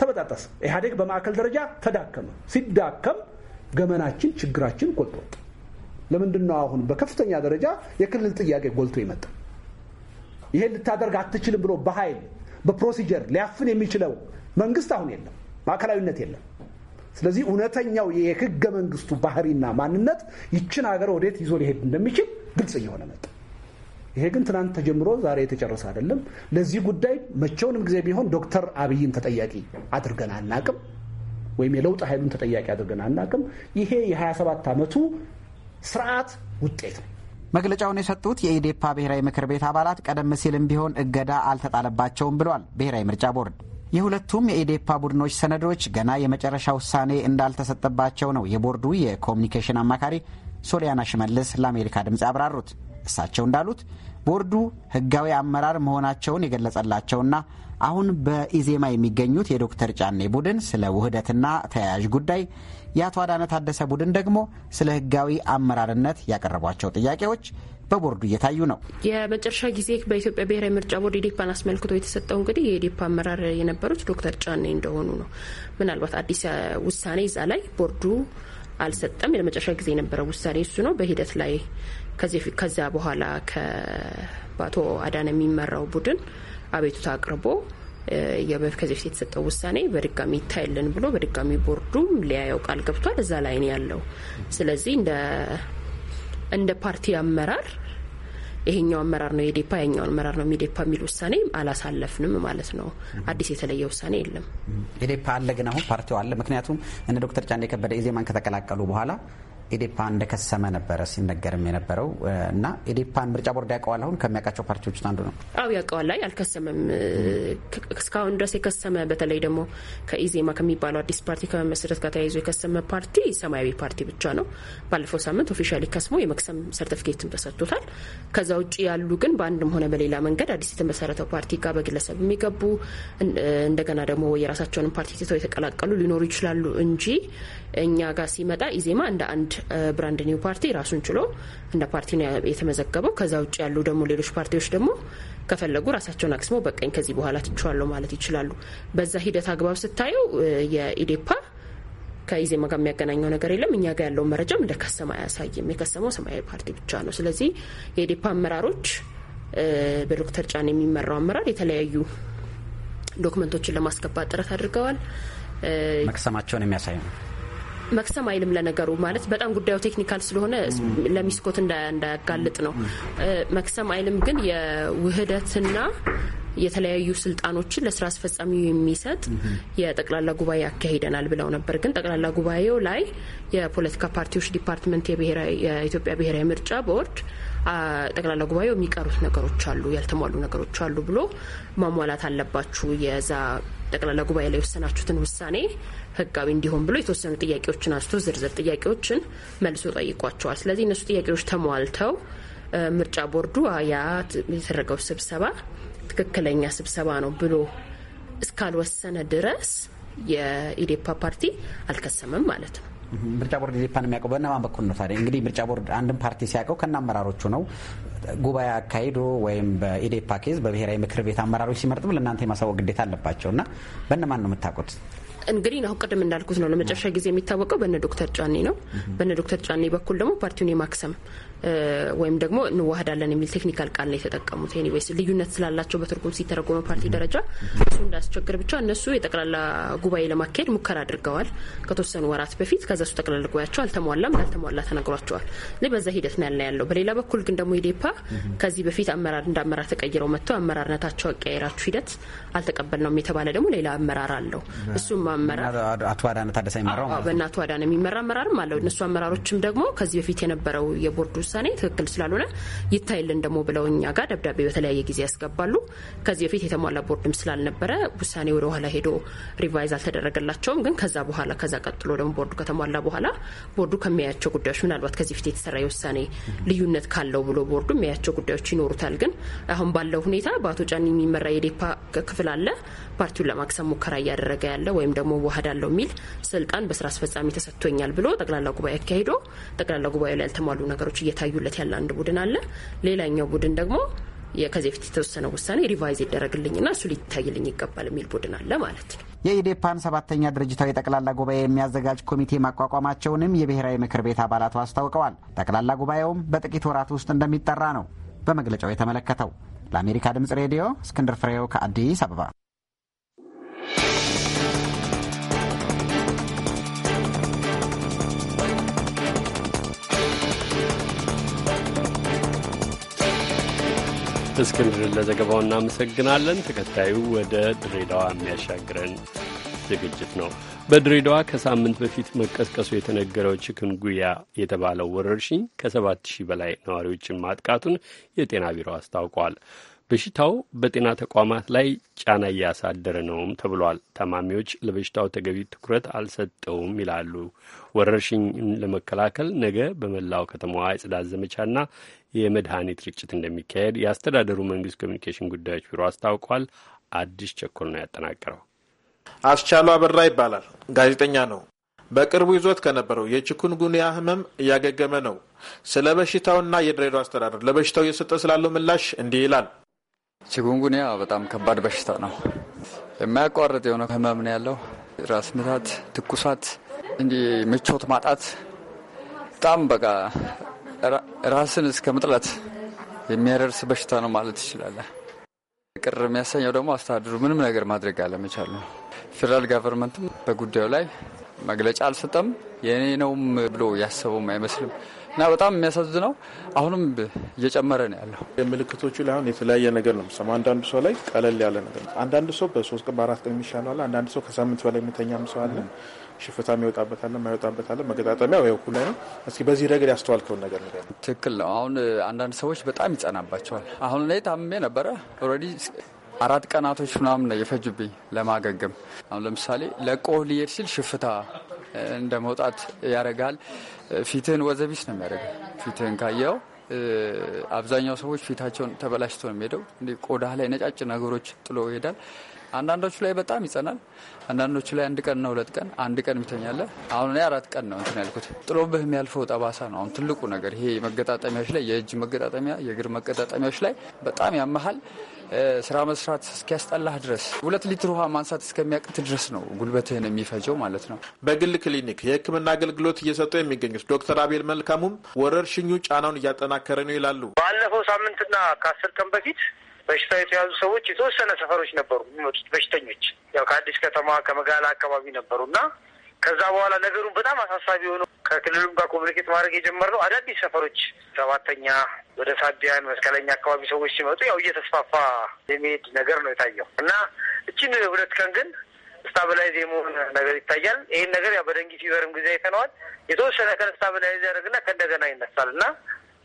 ተበጣጠሰ። ኢህአዴግ በማዕከል ደረጃ ተዳከመ። ሲዳከም ገመናችን፣ ችግራችን ጎልቶ ወጣ። ለምንድን ነው አሁን በከፍተኛ ደረጃ የክልል ጥያቄ ጎልቶ ይመጣ? ይሄን ልታደርግ አትችልም ብሎ በኃይል በፕሮሲጀር ሊያፍን የሚችለው መንግስት አሁን የለም፣ ማዕከላዊነት የለም። ስለዚህ እውነተኛው የህገ መንግስቱ ባህሪና ማንነት ይችን ሀገር ወዴት ይዞ ሊሄድ እንደሚችል ግልጽ እየሆነ መጣ። ይሄ ግን ትናንት ተጀምሮ ዛሬ የተጨረሰ አይደለም። ለዚህ ጉዳይ መቼውንም ጊዜ ቢሆን ዶክተር አብይን ተጠያቂ አድርገን አናቅም፣ ወይም የለውጥ ኃይሉን ተጠያቂ አድርገን አናቅም። ይሄ የ27 ዓመቱ ስርዓት ውጤት ነው። መግለጫውን የሰጡት የኢዴፓ ብሔራዊ ምክር ቤት አባላት ቀደም ሲልም ቢሆን እገዳ አልተጣለባቸውም ብሏል ብሔራዊ ምርጫ ቦርድ። የሁለቱም የኢዴፓ ቡድኖች ሰነዶች ገና የመጨረሻ ውሳኔ እንዳልተሰጠባቸው ነው የቦርዱ የኮሚኒኬሽን አማካሪ ሶሊያና ሽመልስ ለአሜሪካ ድምፅ ያብራሩት። እሳቸው እንዳሉት ቦርዱ ህጋዊ አመራር መሆናቸውን የገለጸላቸውና አሁን በኢዜማ የሚገኙት የዶክተር ጫኔ ቡድን ስለ ውህደትና ተያያዥ ጉዳይ፣ የአቶ አዳነ ታደሰ ቡድን ደግሞ ስለ ህጋዊ አመራርነት ያቀረቧቸው ጥያቄዎች በቦርዱ እየታዩ ነው። የመጨረሻ ጊዜ በኢትዮጵያ ብሔራዊ ምርጫ ቦርድ ኢዴፓን አስመልክቶ የተሰጠው እንግዲህ የኢዴፓ አመራር የነበሩት ዶክተር ጫኔ እንደሆኑ ነው። ምናልባት አዲስ ውሳኔ እዛ ላይ ቦርዱ አልሰጠም። የመጨረሻ ጊዜ የነበረ ውሳኔ እሱ ነው። በሂደት ላይ ከዚያ በኋላ በአቶ አዳን የሚመራው ቡድን አቤቱታ አቅርቦ ከዚህ በፊት የተሰጠው ውሳኔ በድጋሚ ይታይልን ብሎ በድጋሚ ቦርዱም ሊያየው ቃል ገብቷል። እዛ ላይ ነው ያለው። ስለዚህ እንደ ፓርቲ አመራር ይሄኛው አመራር ነው የዴፓ ይሄኛው አመራር ነው የሚዴፓ የሚል ውሳኔ አላሳለፍንም ማለት ነው። አዲስ የተለየ ውሳኔ የለም። የዴፓ አለ ግን አሁን ፓርቲው አለ። ምክንያቱም እነ ዶክተር ጫኔ ከበደ ኢዜማን ከተቀላቀሉ በኋላ ኢዴፓ እንደከሰመ ነበረ ሲነገርም የነበረው እና ኢዴፓን ምርጫ ቦርድ ያውቀዋል። አሁን ከሚያውቃቸው ፓርቲዎች አንዱ ነው። አዎ ያውቀዋል። ላይ አልከሰመም እስካሁን ድረስ የከሰመ በተለይ ደግሞ ከኢዜማ ከሚባለው አዲስ ፓርቲ ከመመስረት ጋር ተያይዞ የከሰመ ፓርቲ ሰማያዊ ፓርቲ ብቻ ነው። ባለፈው ሳምንት ኦፊሻሊ ከስሞ የመክሰም ሰርቲፊኬትም ተሰጥቶታል። ከዛ ውጭ ያሉ ግን በአንድም ሆነ በሌላ መንገድ አዲስ የተመሰረተው ፓርቲ ጋር በግለሰብ የሚገቡ እንደገና ደግሞ የራሳቸውንም ፓርቲ ትተው የተቀላቀሉ ሊኖሩ ይችላሉ እንጂ እኛ ጋር ሲመጣ ኢዜማ እንደ አንድ ብራንድ ኒው ፓርቲ ራሱን ችሎ እንደ ፓርቲ ነው የተመዘገበው። ከዛ ውጭ ያሉ ደግሞ ሌሎች ፓርቲዎች ደግሞ ከፈለጉ ራሳቸውን አክስመው በቀኝ ከዚህ በኋላ ትችዋለሁ ማለት ይችላሉ። በዛ ሂደት አግባብ ስታየው የኢዴፓ ከኢዜማ ጋር የሚያገናኘው ነገር የለም። እኛ ጋር ያለውን መረጃም እንደ ከሰማ አያሳይም። የከሰመው ሰማያዊ ፓርቲ ብቻ ነው። ስለዚህ የኢዴፓ አመራሮች በዶክተር ጫን የሚመራው አመራር የተለያዩ ዶክመንቶችን ለማስገባት ጥረት አድርገዋል። መክሰማቸውን የሚያሳይ ነው። መክሰም አይልም። ለነገሩ ማለት በጣም ጉዳዩ ቴክኒካል ስለሆነ ለሚስኮት እንዳያጋልጥ ነው። መክሰም አይልም፣ ግን የውህደትና የተለያዩ ስልጣኖችን ለስራ አስፈጻሚው የሚሰጥ የጠቅላላ ጉባኤ ያካሂደናል ብለው ነበር። ግን ጠቅላላ ጉባኤው ላይ የፖለቲካ ፓርቲዎች ዲፓርትመንት፣ የኢትዮጵያ ብሔራዊ ምርጫ ቦርድ ጠቅላላ ጉባኤው የሚቀሩት ነገሮች አሉ፣ ያልተሟሉ ነገሮች አሉ ብሎ ማሟላት አለባችሁ የዛ ጠቅላላ ጉባኤ ላይ የወሰናችሁትን ውሳኔ ህጋዊ እንዲሆን ብሎ የተወሰኑ ጥያቄዎችን አንስቶ ዝርዝር ጥያቄዎችን መልሶ ጠይቋቸዋል። ስለዚህ እነሱ ጥያቄዎች ተሟልተው ምርጫ ቦርዱ ያ የተደረገው ስብሰባ ትክክለኛ ስብሰባ ነው ብሎ እስካልወሰነ ድረስ የኢዴፓ ፓርቲ አልከሰመም ማለት ነው። ምርጫ ቦርድ ኢዴፓን የሚያውቀው በእነማን በኩል ነው ታዲያ? እንግዲህ ምርጫ ቦርድ አንድን ፓርቲ ሲያውቀው ከነ አመራሮቹ ነው። ጉባኤ አካሂዶ ወይም በኢዴፓ ኬዝ በብሔራዊ ምክር ቤት አመራሮች ሲመርጥም ለእናንተ የማሳወቅ ግዴታ አለባቸው እና በእነማን ነው የምታውቁት? እንግዲህ አሁን ቅድም እንዳልኩት ነው ለመጨረሻ ጊዜ የሚታወቀው በነ ዶክተር ጫኔ ነው። በነ ዶክተር ጫኔ በኩል ደግሞ ፓርቲውን የማክሰም ወይም ደግሞ እንዋህዳለን የሚል ቴክኒካል ቃል ነው የተጠቀሙት። ኤኒዌይስ ልዩነት ስላላቸው በትርጉም ሲተረጎመ ፓርቲ ደረጃ እሱ እንዳስቸግር ብቻ እነሱ የጠቅላላ ጉባኤ ለማካሄድ ሙከራ አድርገዋል ከተወሰኑ ወራት በፊት። ከዛ እሱ ጠቅላላ ጉባኤያቸው አልተሟላም፣ እንዳልተሟላ ተነግሯቸዋል። በዛ ሂደት ነው ያለ ያለው። በሌላ በኩል ግን ደግሞ ኢዴፓ ከዚህ በፊት አመራር እንደ አመራር ተቀይረው መጥተው አመራርነታቸው አቀያየራችሁ ሂደት አልተቀበል ነው የተባለ ደግሞ ሌላ አመራር አለው። እሱም አመራር አቶ አዳነ ታደሰ የሚመራው በእነ አቶ አዳነ የሚመራ አመራርም አለው። እነሱ አመራሮችም ደግሞ ከዚህ በፊት የነበረው የቦርዱ ውሳኔ ትክክል ስላልሆነ ይታይልን ደግሞ ብለው እኛ ጋር ደብዳቤ በተለያየ ጊዜ ያስገባሉ። ከዚህ በፊት የተሟላ ቦርድም ስላልነበረ ውሳኔ ወደ ኋላ ሄዶ ሪቫይዝ አልተደረገላቸውም። ግን ከዛ በኋላ ከዛ ቀጥሎ ደግሞ ቦርዱ ከተሟላ በኋላ ቦርዱ ከሚያያቸው ጉዳዮች ምናልባት ከዚህ በፊት የተሰራ የውሳኔ ልዩነት ካለው ብሎ ቦርዱ የሚያያቸው ጉዳዮች ይኖሩታል። ግን አሁን ባለው ሁኔታ በአቶ ጫኒ የሚመራ የዴፓ ክፍል አለ። ፓርቲውን ለማክሰም ሙከራ እያደረገ ያለ ወይም ደግሞ ዋህዳለው የሚል ስልጣን በስራ አስፈጻሚ ተሰጥቶኛል ብሎ ጠቅላላ ጉባኤ አካሂዶ ጠቅላላ ጉባኤ ላይ ያልተሟሉ ነገሮች እየታዩለት ያለ አንድ ቡድን አለ። ሌላኛው ቡድን ደግሞ ከዚህ በፊት የተወሰነ ውሳኔ ሪቫይዝ ይደረግልኝና እሱ ሊታይልኝ ይገባል የሚል ቡድን አለ ማለት ነው። የኢዴፓን ሰባተኛ ድርጅታዊ ጠቅላላ ጉባኤ የሚያዘጋጅ ኮሚቴ ማቋቋማቸውንም የብሔራዊ ምክር ቤት አባላቱ አስታውቀዋል። ጠቅላላ ጉባኤውም በጥቂት ወራት ውስጥ እንደሚጠራ ነው በመግለጫው የተመለከተው። ለአሜሪካ ድምጽ ሬዲዮ እስክንድር ፍሬው ከአዲስ አበባ እስክንድር ለዘገባው እናመሰግናለን። ተከታዩ ወደ ድሬዳዋ የሚያሻግረን ዝግጅት ነው። በድሬዳዋ ከሳምንት በፊት መቀስቀሱ የተነገረው ችክንጉያ የተባለው ወረርሽኝ ከሰባት ሺህ በላይ ነዋሪዎችን ማጥቃቱን የጤና ቢሮ አስታውቋል። በሽታው በጤና ተቋማት ላይ ጫና እያሳደረ ነውም ተብሏል። ታማሚዎች ለበሽታው ተገቢ ትኩረት አልሰጠውም ይላሉ። ወረርሽኝን ለመከላከል ነገ በመላው ከተማዋ የጽዳት ዘመቻና የመድኃኒት ርጭት እንደሚካሄድ የአስተዳደሩ መንግስት ኮሚኒኬሽን ጉዳዮች ቢሮ አስታውቋል። አዲስ ቸኮል ነው ያጠናቀረው። አስቻሉ አበራ ይባላል። ጋዜጠኛ ነው። በቅርቡ ይዞት ከነበረው የቺኩንጉንያ ህመም እያገገመ ነው። ስለ በሽታውና የድሬዳዋ አስተዳደር ለበሽታው እየሰጠ ስላለው ምላሽ እንዲህ ይላል። ቺኩንጉንያ በጣም ከባድ በሽታ ነው። የማያቋርጥ የሆነ ህመም ነው ያለው። ራስ ምታት፣ ትኩሳት፣ እንዲህ ምቾት ማጣት፣ በጣም በቃ ራስን እስከ መጥላት የሚያደርስ በሽታ ነው ማለት ይችላለን። ቅር የሚያሰኘው ደግሞ አስተዳድሩ ምንም ነገር ማድረግ አለመቻሉ ነው። ፌዴራል ጋቨርንመንትም በጉዳዩ ላይ መግለጫ አልሰጠም። የእኔ ነውም ብሎ ያሰበውም አይመስልም። እና በጣም የሚያሳዝ ነው። አሁንም እየጨመረ ነው ያለው። የምልክቶቹ ላይ አሁን የተለያየ ነገር ነው የምሰማው። አንዳንዱ ሰው ላይ ቀለል ያለ ነገር ነው። አንዳንድ ሰው በሶስት ቀን በአራት ቀን የሚሻለው አለ። አንዳንዱ ሰው ከሳምንት በላይ የሚተኛም ሰው አለ። ሽፍታም የሚወጣበት አለ፣ መገጣጠሚያ ወይ ሁሉ ላይ ነው። እስኪ በዚህ ረገድ ያስተዋልከውን ነገር ነገር ትክክል ነው። አሁን አንዳንድ ሰዎች በጣም ይጸናባቸዋል። አሁን ላይ ታምሜ ነበረ ኦልሬዲ አራት ቀናቶች ምናምን ነው የፈጁብኝ ለማገገም። አሁን ለምሳሌ ለቆ ሊሄድ ሲል ሽፍታ እንደ መውጣት ያደርጋል። ፊትህን ወዘቢስ ነው የሚያደርገው። ፊትህን ካየው አብዛኛው ሰዎች ፊታቸውን ተበላሽቶ ነው የሚሄደው። ቆዳ ላይ ነጫጭ ነገሮች ጥሎ ይሄዳል። አንዳንዶቹ ላይ በጣም ይጸናል። አንዳንዶቹ ላይ አንድ ቀን ነው ሁለት ቀን አንድ ቀን ሚተኛለ። አሁን እኔ አራት ቀን ነው እንትን ያልኩት። ጥሎብህ የሚያልፈው ጠባሳ ነው አሁን ትልቁ ነገር። ይሄ መገጣጠሚያዎች ላይ የእጅ መገጣጠሚያ፣ የእግር መገጣጠሚያዎች ላይ በጣም ያመሃል። ስራ መስራት እስኪያስጠላህ ድረስ ሁለት ሊትር ውሃ ማንሳት እስከሚያቅት ድረስ ነው ጉልበትህን የሚፈጀው ማለት ነው። በግል ክሊኒክ የሕክምና አገልግሎት እየሰጡ የሚገኙት ዶክተር አቤል መልካሙም ወረርሽኙ ጫናውን እያጠናከረ ነው ይላሉ። ባለፈው ሳምንትና ከአስር ቀን በፊት በሽታ የተያዙ ሰዎች የተወሰነ ሰፈሮች ነበሩ የሚመጡት በሽተኞች ያው ከአዲስ ከተማ ከመጋላ አካባቢ ነበሩ እና ከዛ በኋላ ነገሩን በጣም አሳሳቢ የሆነው ከክልሉም ጋር ኮሚኒኬት ማድረግ የጀመርነው አዳዲስ ሰፈሮች ሰባተኛ ወደ ሳቢያን መስቀለኛ አካባቢ ሰዎች ሲመጡ ያው እየተስፋፋ የሚሄድ ነገር ነው የታየው እና እችን ሁለት ቀን ግን ስታብላይዝ የመሆን ነገር ይታያል። ይህን ነገር ያው በደንጊ ፊቨርም ጊዜ አይተነዋል። የተወሰነ ቀን ስታብላይዝ ያደርግና ከእንደገና ይነሳል እና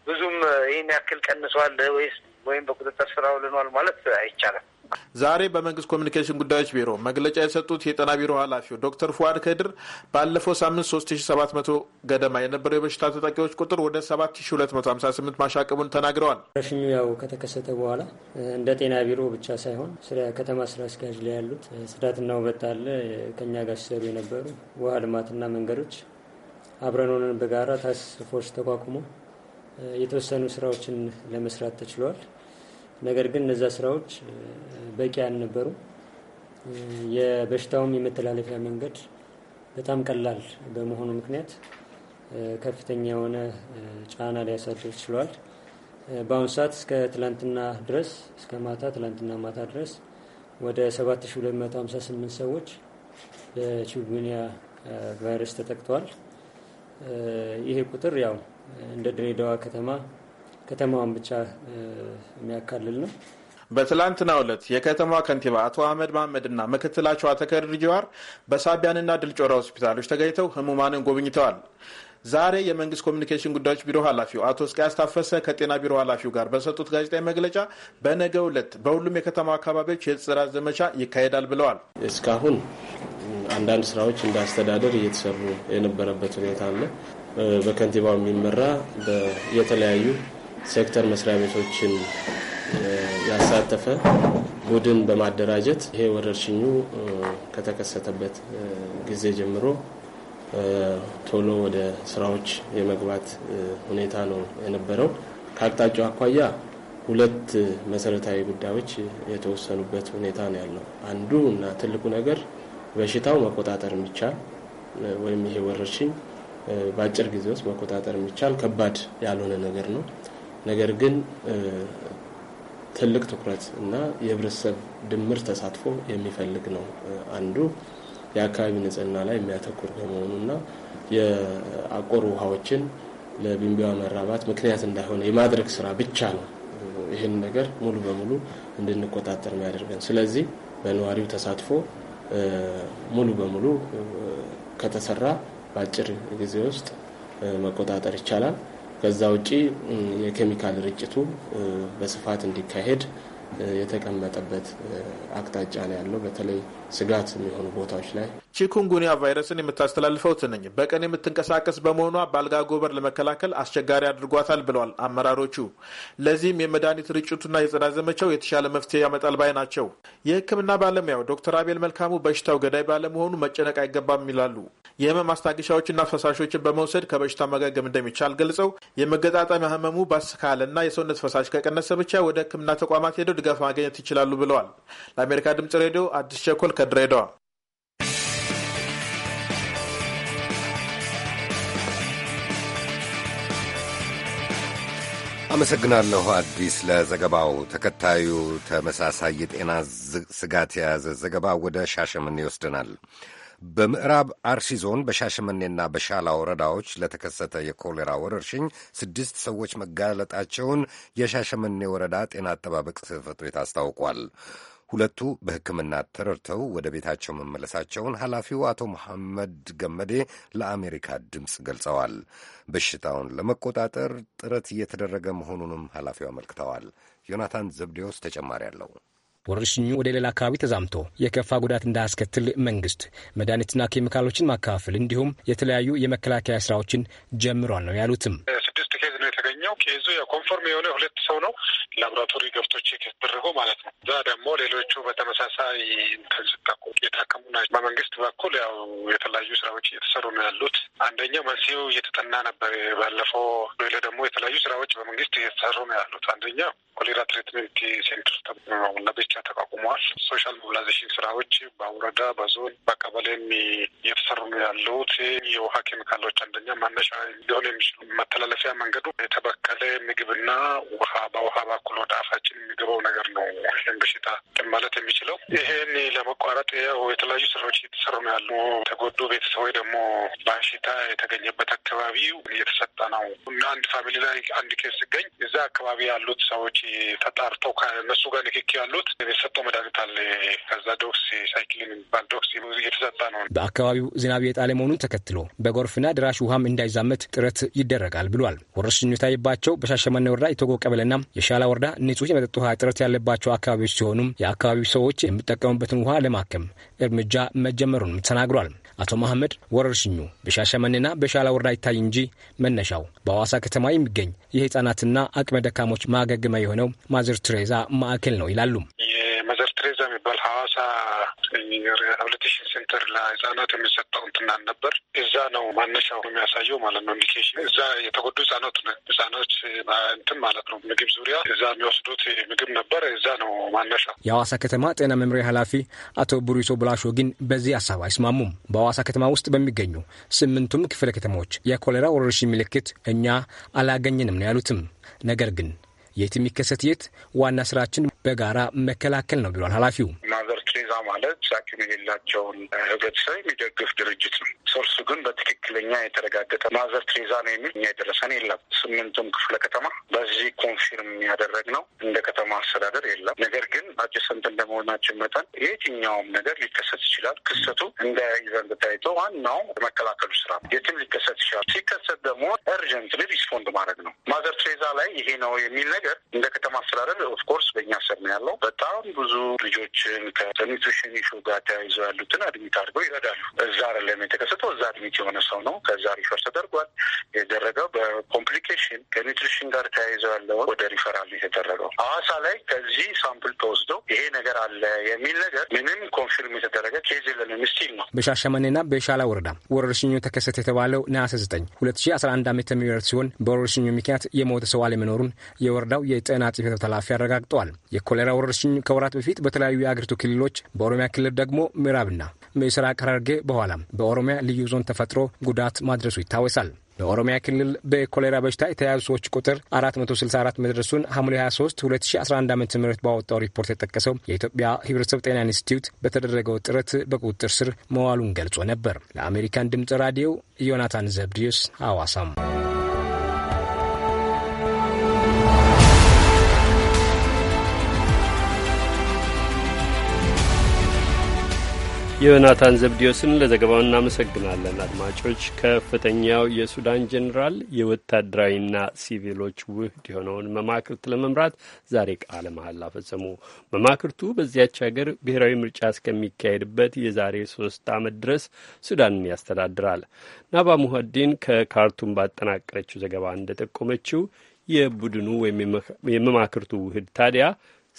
ብዙም ይህን ያክል ቀንሷል ወይስ ወይም በቁጥጥር ስራ አውለነዋል ማለት አይቻልም። ዛሬ በመንግስት ኮሚኒኬሽን ጉዳዮች ቢሮ መግለጫ የሰጡት የጤና ቢሮ ኃላፊው ዶክተር ፉአድ ከድር ባለፈው ሳምንት 3700 ገደማ የነበረው የበሽታ ተጠቂዎች ቁጥር ወደ 7258 ማሻቀቡን ተናግረዋል። ረሽኙ ያው ከተከሰተ በኋላ እንደ ጤና ቢሮ ብቻ ሳይሆን ስለ ከተማ ስራ አስኪያጅ ላይ ያሉት ጽዳትና ውበት አለ ከኛ ጋር ሲሰሩ የነበሩ ውሃ ልማትና መንገዶች አብረን ሆነን በጋራ ታስክ ፎርስ ተቋቁሞ የተወሰኑ ስራዎችን ለመስራት ተችሏል። ነገር ግን እነዛ ስራዎች በቂ ያልነበሩ የበሽታውም የመተላለፊያ መንገድ በጣም ቀላል በመሆኑ ምክንያት ከፍተኛ የሆነ ጫና ሊያሳድር ችሏል። በአሁኑ ሰዓት እስከ ትላንትና ድረስ እስከ ማታ ትላንትና ማታ ድረስ ወደ 7258 ሰዎች በቺኩንጉንያ ቫይረስ ተጠቅተዋል። ይሄ ቁጥር ያው እንደ ድሬዳዋ ከተማ ከተማዋን ብቻ የሚያካልል ነው። በትላንትናው ዕለት የከተማዋ ከንቲባ አቶ አህመድ እና ምክትላቸው ተከር ጅዋር በሳቢያንና ድልጮራ ሆስፒታሎች ተገኝተው ህሙማንን ጎብኝተዋል። ዛሬ የመንግስት ኮሚኒኬሽን ጉዳዮች ቢሮ ኃላፊው አቶ እስቅያስ ታፈሰ ከጤና ቢሮ ኃላፊው ጋር በሰጡት ጋዜጣዊ መግለጫ በነገው ዕለት በሁሉም የከተማ አካባቢዎች የጽዳት ዘመቻ ይካሄዳል ብለዋል። እስካሁን አንዳንድ ስራዎች እንደ አስተዳደር እየተሰሩ የነበረበት ሁኔታ አለ። በከንቲባው የሚመራ የተለያዩ ሴክተር መስሪያ ቤቶችን ያሳተፈ ቡድን በማደራጀት ይሄ ወረርሽኙ ከተከሰተበት ጊዜ ጀምሮ ቶሎ ወደ ስራዎች የመግባት ሁኔታ ነው የነበረው። ከአቅጣጫው አኳያ ሁለት መሰረታዊ ጉዳዮች የተወሰኑበት ሁኔታ ነው ያለው። አንዱ እና ትልቁ ነገር በሽታው መቆጣጠር የሚቻል ወይም ይሄ ወረርሽኝ በአጭር ጊዜ ውስጥ መቆጣጠር የሚቻል ከባድ ያልሆነ ነገር ነው። ነገር ግን ትልቅ ትኩረት እና የህብረተሰብ ድምር ተሳትፎ የሚፈልግ ነው። አንዱ የአካባቢ ንጽህና ላይ የሚያተኩር ከመሆኑና የአቆር ውሃዎችን ለቢንቢዋ መራባት ምክንያት እንዳይሆነ የማድረግ ስራ ብቻ ነው ይህን ነገር ሙሉ በሙሉ እንድንቆጣጠር የሚያደርገን። ስለዚህ በነዋሪው ተሳትፎ ሙሉ በሙሉ ከተሰራ በአጭር ጊዜ ውስጥ መቆጣጠር ይቻላል። ከዛ ውጪ የኬሚካል ርጭቱ በስፋት እንዲካሄድ የተቀመጠበት አቅጣጫ ነው ያለው። በተለይ ስጋት የሚሆኑ ቦታዎች ላይ ቺኩንጉኒያ ቫይረስን የምታስተላልፈው ትንኝ በቀን የምትንቀሳቀስ በመሆኗ በአልጋ ጎበር ለመከላከል አስቸጋሪ አድርጓታል ብለዋል አመራሮቹ። ለዚህም የመድኃኒት ርጭቱና የጽዳት ዘመቻው የተሻለ መፍትሄ ያመጣል ባይ ናቸው። የሕክምና ባለሙያው ዶክተር አቤል መልካሙ በሽታው ገዳይ ባለመሆኑ መጨነቅ አይገባም ይላሉ። የህመም ማስታገሻዎችና ፈሳሾችን በመውሰድ ከበሽታ መጋገም እንደሚቻል ገልጸው የመገጣጠሚያ ህመሙ ባስ የሰውነት ፈሳሽ ከቀነሰ ብቻ ወደ ሕክምና ተቋማት ሄደው ድጋፍ ማግኘት ይችላሉ ብለዋል። ለአሜሪካ ድምጽ ሬዲዮ አዲስ ቸኮል ከድሬዳዋ አመሰግናለሁ አዲስ ለዘገባው። ተከታዩ ተመሳሳይ የጤና ስጋት የያዘ ዘገባ ወደ ሻሸመኔ ይወስደናል። በምዕራብ አርሲ ዞን በሻሸመኔና በሻላ ወረዳዎች ለተከሰተ የኮሌራ ወረርሽኝ ስድስት ሰዎች መጋለጣቸውን የሻሸመኔ ወረዳ ጤና አጠባበቅ ጽሕፈት ቤት አስታውቋል። ሁለቱ በሕክምና ተረድተው ወደ ቤታቸው መመለሳቸውን ኃላፊው አቶ መሐመድ ገመዴ ለአሜሪካ ድምፅ ገልጸዋል። በሽታውን ለመቆጣጠር ጥረት እየተደረገ መሆኑንም ኃላፊው አመልክተዋል። ዮናታን ዘብዴዎስ ተጨማሪ አለው። ወረርሽኙ ወደ ሌላ አካባቢ ተዛምቶ የከፋ ጉዳት እንዳያስከትል መንግስት መድኃኒትና ኬሚካሎችን ማካፈል እንዲሁም የተለያዩ የመከላከያ ስራዎችን ጀምሯል ነው ያሉትም። የተገኘው ኬዙ የኮንፎርም የሆነ ሁለት ሰው ነው ላቦራቶሪ ገብቶ ቼክ ማለት ነው። እዛ ደግሞ ሌሎቹ በተመሳሳይ ከንስታቁ የታከሙ ናቸው። በመንግስት በኩል ያው የተለያዩ ስራዎች እየተሰሩ ነው ያሉት። አንደኛው መንስኤው እየተጠና ነበር ባለፈው ሌላ ደግሞ የተለያዩ ስራዎች በመንግስት እየተሰሩ ነው ያሉት። አንደኛው ኮሌራ ትሪትመንት ሴንተር ለብቻ ተቋቁመዋል። ሶሻል ሞቢላይዜሽን ስራዎች በወረዳ በዞን በቀበሌም እየተሰሩ ነው ያሉት። የውሃ ኬሚካሎች አንደኛ ማነሻ ሊሆን የሚችሉ መተላለፊያ መንገዱ የተበከለ ምግብና ውሃ በውሃ በኩል ወደ አፋችን የሚገባው ነገር ነው ይህን በሽታ ማለት የሚችለው። ይህን ለመቋረጥ የተለያዩ ስራዎች እየተሰሩ ነው ያሉ ተጎዱ ቤተሰቦች ደግሞ በሽታ የተገኘበት አካባቢ እየተሰጠ ነው እና አንድ ፋሚሊ ላይ አንድ ኬስ ሲገኝ እዛ አካባቢ ያሉት ሰዎች ተጣርተው ከነሱ ጋር ንክኪ ያሉት የተሰጠው መድኃኒት አለ። ከዛ ዶክስ ሳይክሊን የሚባል ዶክስ እየተሰጠ ነው። በአካባቢው ዝናብ የጣለ መሆኑን ተከትሎ በጎርፍና ድራሽ ውሃም እንዳይዛመት ጥረት ይደረጋል ብሏል። ወረርሽኙ የሚታይባቸው በሻሸመኔ ወረዳ ኢቶጎ ቀበሌና የሻላ ወረዳ ንጹህ የመጠጥ ውሃ እጥረት ያለባቸው አካባቢዎች ሲሆኑ የአካባቢው ሰዎች የሚጠቀሙበትን ውሃ ለማከም እርምጃ መጀመሩንም ተናግሯል። አቶ መሐመድ ወረርሽኙ በሻሸመኔና በሻላ ወረዳ ይታይ እንጂ መነሻው በሐዋሳ ከተማ የሚገኝ የህፃናትና አቅመ ደካሞች ማገገሚያ የሆነው ማዘር ቴሬዛ ማዕከል ነው ይላሉ። መዘር ትሬዛ የሚባል ሀዋሳ ሪሃብሊቴሽን ሴንተር ለህጻናት የሚሰጠው እንትናን ነበር። እዛ ነው ማነሻው የሚያሳየው ማለት ነው። ኢንዲኬሽን እዛ የተጎዱ ህጻናት ነ ህጻኖች እንትን ማለት ነው ምግብ ዙሪያ እዛ የሚወስዱት ምግብ ነበር። እዛ ነው ማነሻው። የሀዋሳ ከተማ ጤና መምሪያ ኃላፊ አቶ ቡሪሶ ብላሾ ግን በዚህ ሀሳብ አይስማሙም። በሀዋሳ ከተማ ውስጥ በሚገኙ ስምንቱም ክፍለ ከተሞች የኮሌራ ወረርሽኝ ምልክት እኛ አላገኘንም ነው ያሉትም ነገር ግን የት የሚከሰት የት ዋና ስራችን በጋራ መከላከል ነው ብሏል ኃላፊው። ማዘር ትሬዛ ማለት አቅም የሌላቸውን ህብረተሰብ የሚደግፍ ድርጅት ነው። ሶርሱ ግን በትክክለኛ የተረጋገጠ ማዘር ትሬዛ ነው የሚል እኛ የደረሰን የለም። ስምንቱም ክፍለ ከተማ በዚህ ኮንፊርም ያደረግ ነው እንደ ከተማ አስተዳደር የለም። ነገር ግን አጀሰንት እንደመሆናችን መጠን የትኛውም ነገር ሊከሰት ይችላል። ክሰቱ እንደ ኢቨንት ታይቶ ዋናው መከላከሉ ስራ ነው። የትም ሊከሰት ይችላል። ሲከሰት ደግሞ እርጀንትሊ ሪስፖንድ ማድረግ ነው። ማዘር ትሬዛ ላይ ይሄ ነው የሚል ነገር እንደ ከተማ አስተዳደር ኦፍኮርስ በእኛ ስር ነው ያለው። በጣም ብዙ ልጆችን ከኒትሪሽን ኢሹ ጋር ተያይዘው ያሉትን አድሚት አድርገው ይረዳሉ። እዛ አይደለም የተከሰተው፣ እዛ አድሚት የሆነ ሰው ነው። ከዛ ሪፈር ተደርጓል። የደረገው በኮምፕሊኬሽን ከኒትሪሽን ጋር ተያይዘው ያለውን ወደ ሪፈራል የተደረገው ሐዋሳ ላይ ከዚህ ሳምፕል ተወስዶ ይሄ ነገር አለ የሚል ነገር ምንም ኮንፊርም የተደረገ ኬዝ የለንም ስቲል ነው። በሻሸመኔና በሻላ ወረዳ ወረርሽኙ ተከሰተ የተባለው ነሐሴ ዘጠኝ ሁለት ሺ አስራ አንድ ዓመተ ምህረት ሲሆን በወረርሽኙ ምክንያት የሞተ ሰው አለመኖሩን የወረዳ የወረዳው የጤና ጽህፈት ቤት ኃላፊ አረጋግጠዋል። የኮሌራ ወረርሽኝ ከወራት በፊት በተለያዩ የአገሪቱ ክልሎች፣ በኦሮሚያ ክልል ደግሞ ምዕራብና ምስራቅ ሐረርጌ በኋላም በኦሮሚያ ልዩ ዞን ተፈጥሮ ጉዳት ማድረሱ ይታወሳል። በኦሮሚያ ክልል በኮሌራ በሽታ የተያዙ ሰዎች ቁጥር 464 መድረሱን ሐምሌ 23 2011 ዓ ም ባወጣው ሪፖርት የጠቀሰው የኢትዮጵያ ሕብረተሰብ ጤና ኢንስቲትዩት በተደረገው ጥረት በቁጥጥር ስር መዋሉን ገልጾ ነበር። ለአሜሪካን ድምፅ ራዲዮ ዮናታን ዘብድዮስ አዋሳም። ዮናታን ዘብዲዮስን ለዘገባው እናመሰግናለን። አድማጮች፣ ከፍተኛው የሱዳን ጄኔራል የወታደራዊና ሲቪሎች ውህድ የሆነውን መማክርት ለመምራት ዛሬ ቃለ መሐላ ፈጸሙ። መማክርቱ በዚያች ሀገር ብሔራዊ ምርጫ እስከሚካሄድበት የዛሬ ሶስት ዓመት ድረስ ሱዳንን ያስተዳድራል። ናባ ሙሀዲን ከካርቱም ባጠናቀረችው ዘገባ እንደጠቆመችው የቡድኑ ወይም የመማክርቱ ውህድ ታዲያ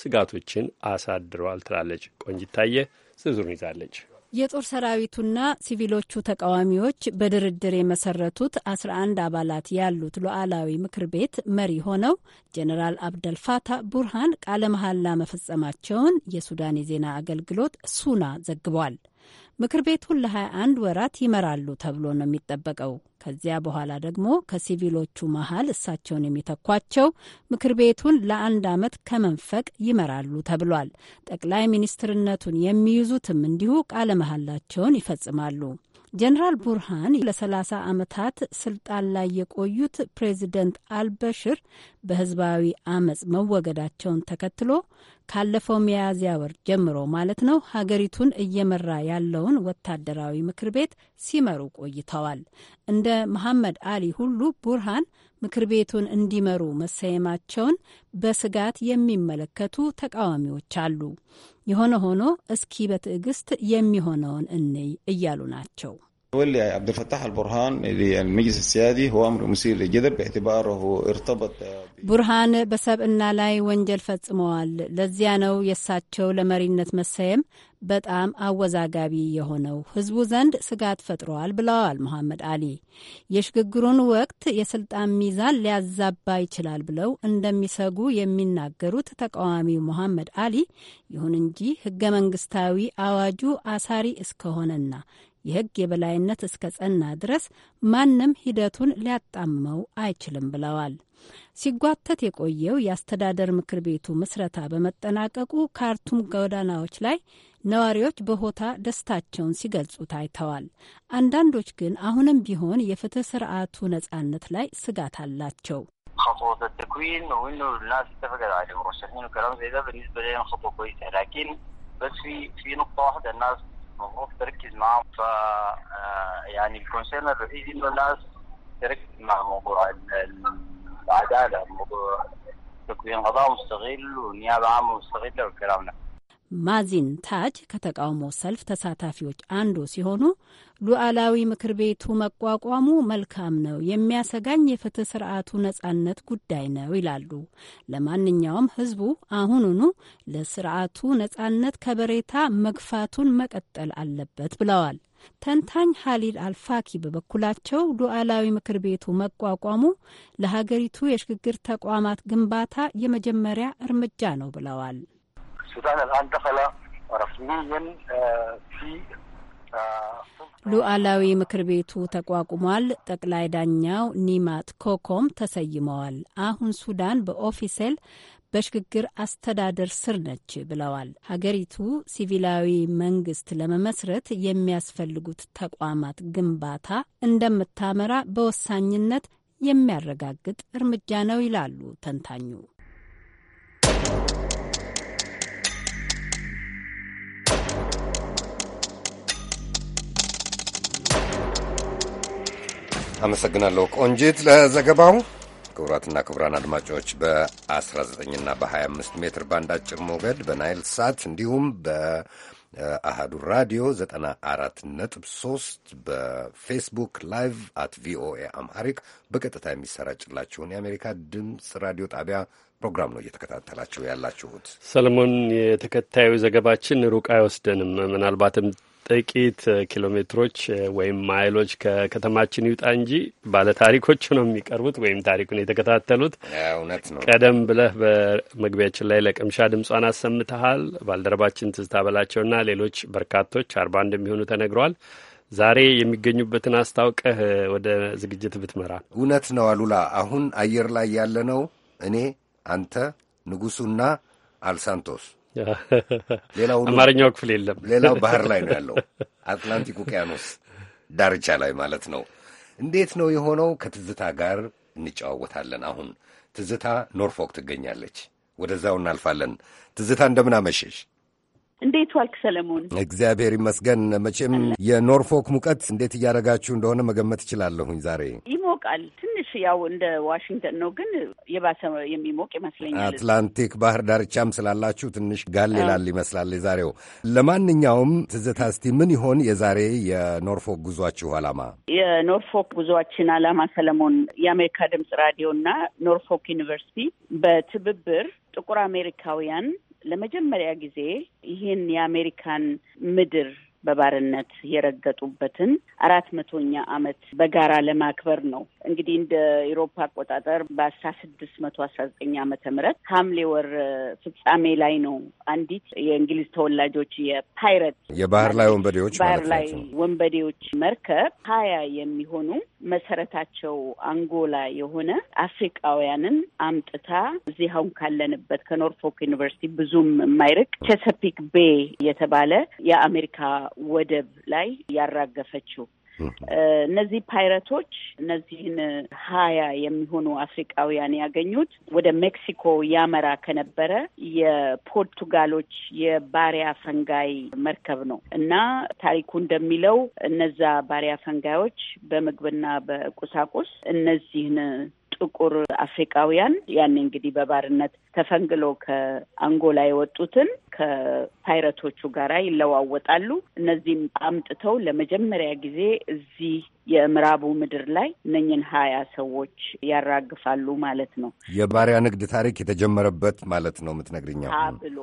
ስጋቶችን አሳድረዋል ትላለች። ቆንጅታየ ዝርዝሩን ይዛለች። የጦር ሰራዊቱና ሲቪሎቹ ተቃዋሚዎች በድርድር የመሰረቱት 11 አባላት ያሉት ሉዓላዊ ምክር ቤት መሪ ሆነው ጀኔራል አብደልፋታ ቡርሃን ቃለ መሐላ መፈጸማቸውን የሱዳን የዜና አገልግሎት ሱና ዘግቧል። ምክር ቤቱን ለ21 ወራት ይመራሉ ተብሎ ነው የሚጠበቀው። ከዚያ በኋላ ደግሞ ከሲቪሎቹ መሀል እሳቸውን የሚተኳቸው ምክር ቤቱን ለአንድ ዓመት ከመንፈቅ ይመራሉ ተብሏል። ጠቅላይ ሚኒስትርነቱን የሚይዙትም እንዲሁ ቃለ መሀላቸውን ይፈጽማሉ። ጀኔራል ቡርሃን ለሰላሳ አመታት ዓመታት ስልጣን ላይ የቆዩት ፕሬዚደንት አልበሽር በህዝባዊ አመፅ መወገዳቸውን ተከትሎ ካለፈው ሚያዝያ ወር ጀምሮ ማለት ነው ሀገሪቱን እየመራ ያለውን ወታደራዊ ምክር ቤት ሲመሩ ቆይተዋል። እንደ መሐመድ አሊ ሁሉ ቡርሃን ምክር ቤቱን እንዲመሩ መሰየማቸውን በስጋት የሚመለከቱ ተቃዋሚዎች አሉ። የሆነ ሆኖ እስኪ በትዕግስት የሚሆነውን እንይ እያሉ ናቸው። تولي عبد الفتاح البرهان للمجلس السيادي هو أمر مثير للجدل باعتباره ارتبط ቡርሃን በሰብእና ላይ ወንጀል ፈጽመዋል። ለዚያ ነው የእሳቸው ለመሪነት መሰየም በጣም አወዛጋቢ የሆነው ህዝቡ ዘንድ ስጋት ፈጥረዋል ብለዋል መሐመድ አሊ። የሽግግሩን ወቅት የስልጣን ሚዛን ሊያዛባ ይችላል ብለው እንደሚሰጉ የሚናገሩት ተቃዋሚው መሐመድ አሊ፣ ይሁን እንጂ ህገ መንግስታዊ አዋጁ አሳሪ እስከሆነና የህግ የበላይነት እስከ ጸና ድረስ ማንም ሂደቱን ሊያጣመው አይችልም ብለዋል። ሲጓተት የቆየው የአስተዳደር ምክር ቤቱ ምስረታ በመጠናቀቁ ካርቱም ጎዳናዎች ላይ ነዋሪዎች በሆታ ደስታቸውን ሲገልጹ ታይተዋል። አንዳንዶች ግን አሁንም ቢሆን የፍትህ ስርዓቱ ነጻነት ላይ ስጋት አላቸው። ممنوع تركز معاهم ف آه، يعني الكونسيرن الرئيسي انه الناس تركز مع موضوع العداله موضوع تكوين قضاء مستغل ونيابه عامه مستغله والكلام ده ማዚን ታጅ ከተቃውሞ ሰልፍ ተሳታፊዎች اندو سيهونو ሉዓላዊ ምክር ቤቱ መቋቋሙ መልካም ነው። የሚያሰጋኝ የፍትህ ስርዓቱ ነጻነት ጉዳይ ነው ይላሉ። ለማንኛውም ህዝቡ አሁኑኑ ለስርዓቱ ነጻነት ከበሬታ መግፋቱን መቀጠል አለበት ብለዋል። ተንታኝ ሀሊል አልፋኪ በበኩላቸው ሉዓላዊ ምክር ቤቱ መቋቋሙ ለሀገሪቱ የሽግግር ተቋማት ግንባታ የመጀመሪያ እርምጃ ነው ብለዋል። ሱዳን አልአን ረስሚየን ፊ ሉዓላዊ ምክር ቤቱ ተቋቁሟል። ጠቅላይ ዳኛው ኒማት ኮኮም ተሰይመዋል። አሁን ሱዳን በኦፊሴል በሽግግር አስተዳደር ስር ነች ብለዋል። ሀገሪቱ ሲቪላዊ መንግስት ለመመስረት የሚያስፈልጉት ተቋማት ግንባታ እንደምታመራ በወሳኝነት የሚያረጋግጥ እርምጃ ነው ይላሉ ተንታኙ። አመሰግናለሁ ቆንጂት ለዘገባው። ክቡራትና ክቡራን አድማጮች በ19ና በ25 ሜትር ባንድ አጭር ሞገድ በናይል ሳት እንዲሁም በአሃዱ ራዲዮ 94.3 በፌስቡክ ላይቭ አት ቪኦኤ አምሃሪክ በቀጥታ የሚሰራጭላችሁን የአሜሪካ ድምፅ ራዲዮ ጣቢያ ፕሮግራም ነው እየተከታተላችሁ ያላችሁት። ሰለሞን፣ የተከታዩ ዘገባችን ሩቅ አይወስደንም። ምናልባትም ጥቂት ኪሎ ሜትሮች ወይም ማይሎች ከከተማችን ይውጣ እንጂ ባለታሪኮች ነው የሚቀርቡት ወይም ታሪኩን የተከታተሉት። እውነት ነው። ቀደም ብለህ በመግቢያችን ላይ ለቅምሻ ድምጿን አሰምተሃል። ባልደረባችን ትዝታ በላቸውና ሌሎች በርካቶች አርባ አንድ የሚሆኑ ተነግረዋል። ዛሬ የሚገኙበትን አስታውቀህ ወደ ዝግጅት ብትመራ። እውነት ነው አሉላ። አሁን አየር ላይ ያለነው እኔ፣ አንተ፣ ንጉሱና አልሳንቶስ ሌላው አማርኛው ክፍል የለም። ሌላው ባህር ላይ ነው ያለው፣ አትላንቲክ ውቅያኖስ ዳርቻ ላይ ማለት ነው። እንዴት ነው የሆነው? ከትዝታ ጋር እንጨዋወታለን። አሁን ትዝታ ኖርፎክ ትገኛለች። ወደዛው እናልፋለን። ትዝታ እንደምን አመሸሽ? እንዴት ዋልክ ሰለሞን? እግዚአብሔር ይመስገን። መቼም የኖርፎክ ሙቀት እንዴት እያደረጋችሁ እንደሆነ መገመት እችላለሁኝ። ዛሬ ይሞቃል ትንሽ ያው እንደ ዋሽንግተን ነው፣ ግን የባሰ የሚሞቅ ይመስለኛል። አትላንቲክ ባህር ዳርቻም ስላላችሁ ትንሽ ጋል ይላል ይመስላል የዛሬው። ለማንኛውም ትዝታ እስቲ ምን ይሆን የዛሬ የኖርፎክ ጉዟችሁ አላማ? የኖርፎክ ጉዟችን አላማ ሰለሞን የአሜሪካ ድምጽ ራዲዮ እና ኖርፎክ ዩኒቨርሲቲ በትብብር ጥቁር አሜሪካውያን ለመጀመሪያ ጊዜ ይህን የአሜሪካን ምድር በባርነት የረገጡበትን አራት መቶኛ ዓመት በጋራ ለማክበር ነው። እንግዲህ እንደ ኢሮፓ አቆጣጠር በአስራ ስድስት መቶ አስራ ዘጠኝ አመተ ምህረት ሐምሌ ወር ፍጻሜ ላይ ነው አንዲት የእንግሊዝ ተወላጆች የፓይረት የባህር ላይ ወንበዴዎች ባህር ላይ ወንበዴዎች መርከብ ሀያ የሚሆኑ መሰረታቸው አንጎላ የሆነ አፍሪቃውያንን አምጥታ እዚህ አሁን ካለንበት ከኖርፎክ ዩኒቨርሲቲ ብዙም የማይርቅ ቸሰፒክ ቤ የተባለ የአሜሪካ ወደብ ላይ ያራገፈችው። እነዚህ ፓይረቶች እነዚህን ሀያ የሚሆኑ አፍሪቃውያን ያገኙት ወደ ሜክሲኮ ያመራ ከነበረ የፖርቱጋሎች የባሪያ ፈንጋይ መርከብ ነው እና ታሪኩ እንደሚለው እነዛ ባሪያ ፈንጋዮች በምግብና በቁሳቁስ እነዚህን ጥቁር አፍሪቃውያን ያኔ እንግዲህ በባርነት ተፈንግሎ ከአንጎላ የወጡትን ከፓይረቶቹ ጋር ይለዋወጣሉ። እነዚህም አምጥተው ለመጀመሪያ ጊዜ እዚህ የምዕራቡ ምድር ላይ እነኝን ሀያ ሰዎች ያራግፋሉ ማለት ነው። የባሪያ ንግድ ታሪክ የተጀመረበት ማለት ነው የምትነግርኛው? ብሎ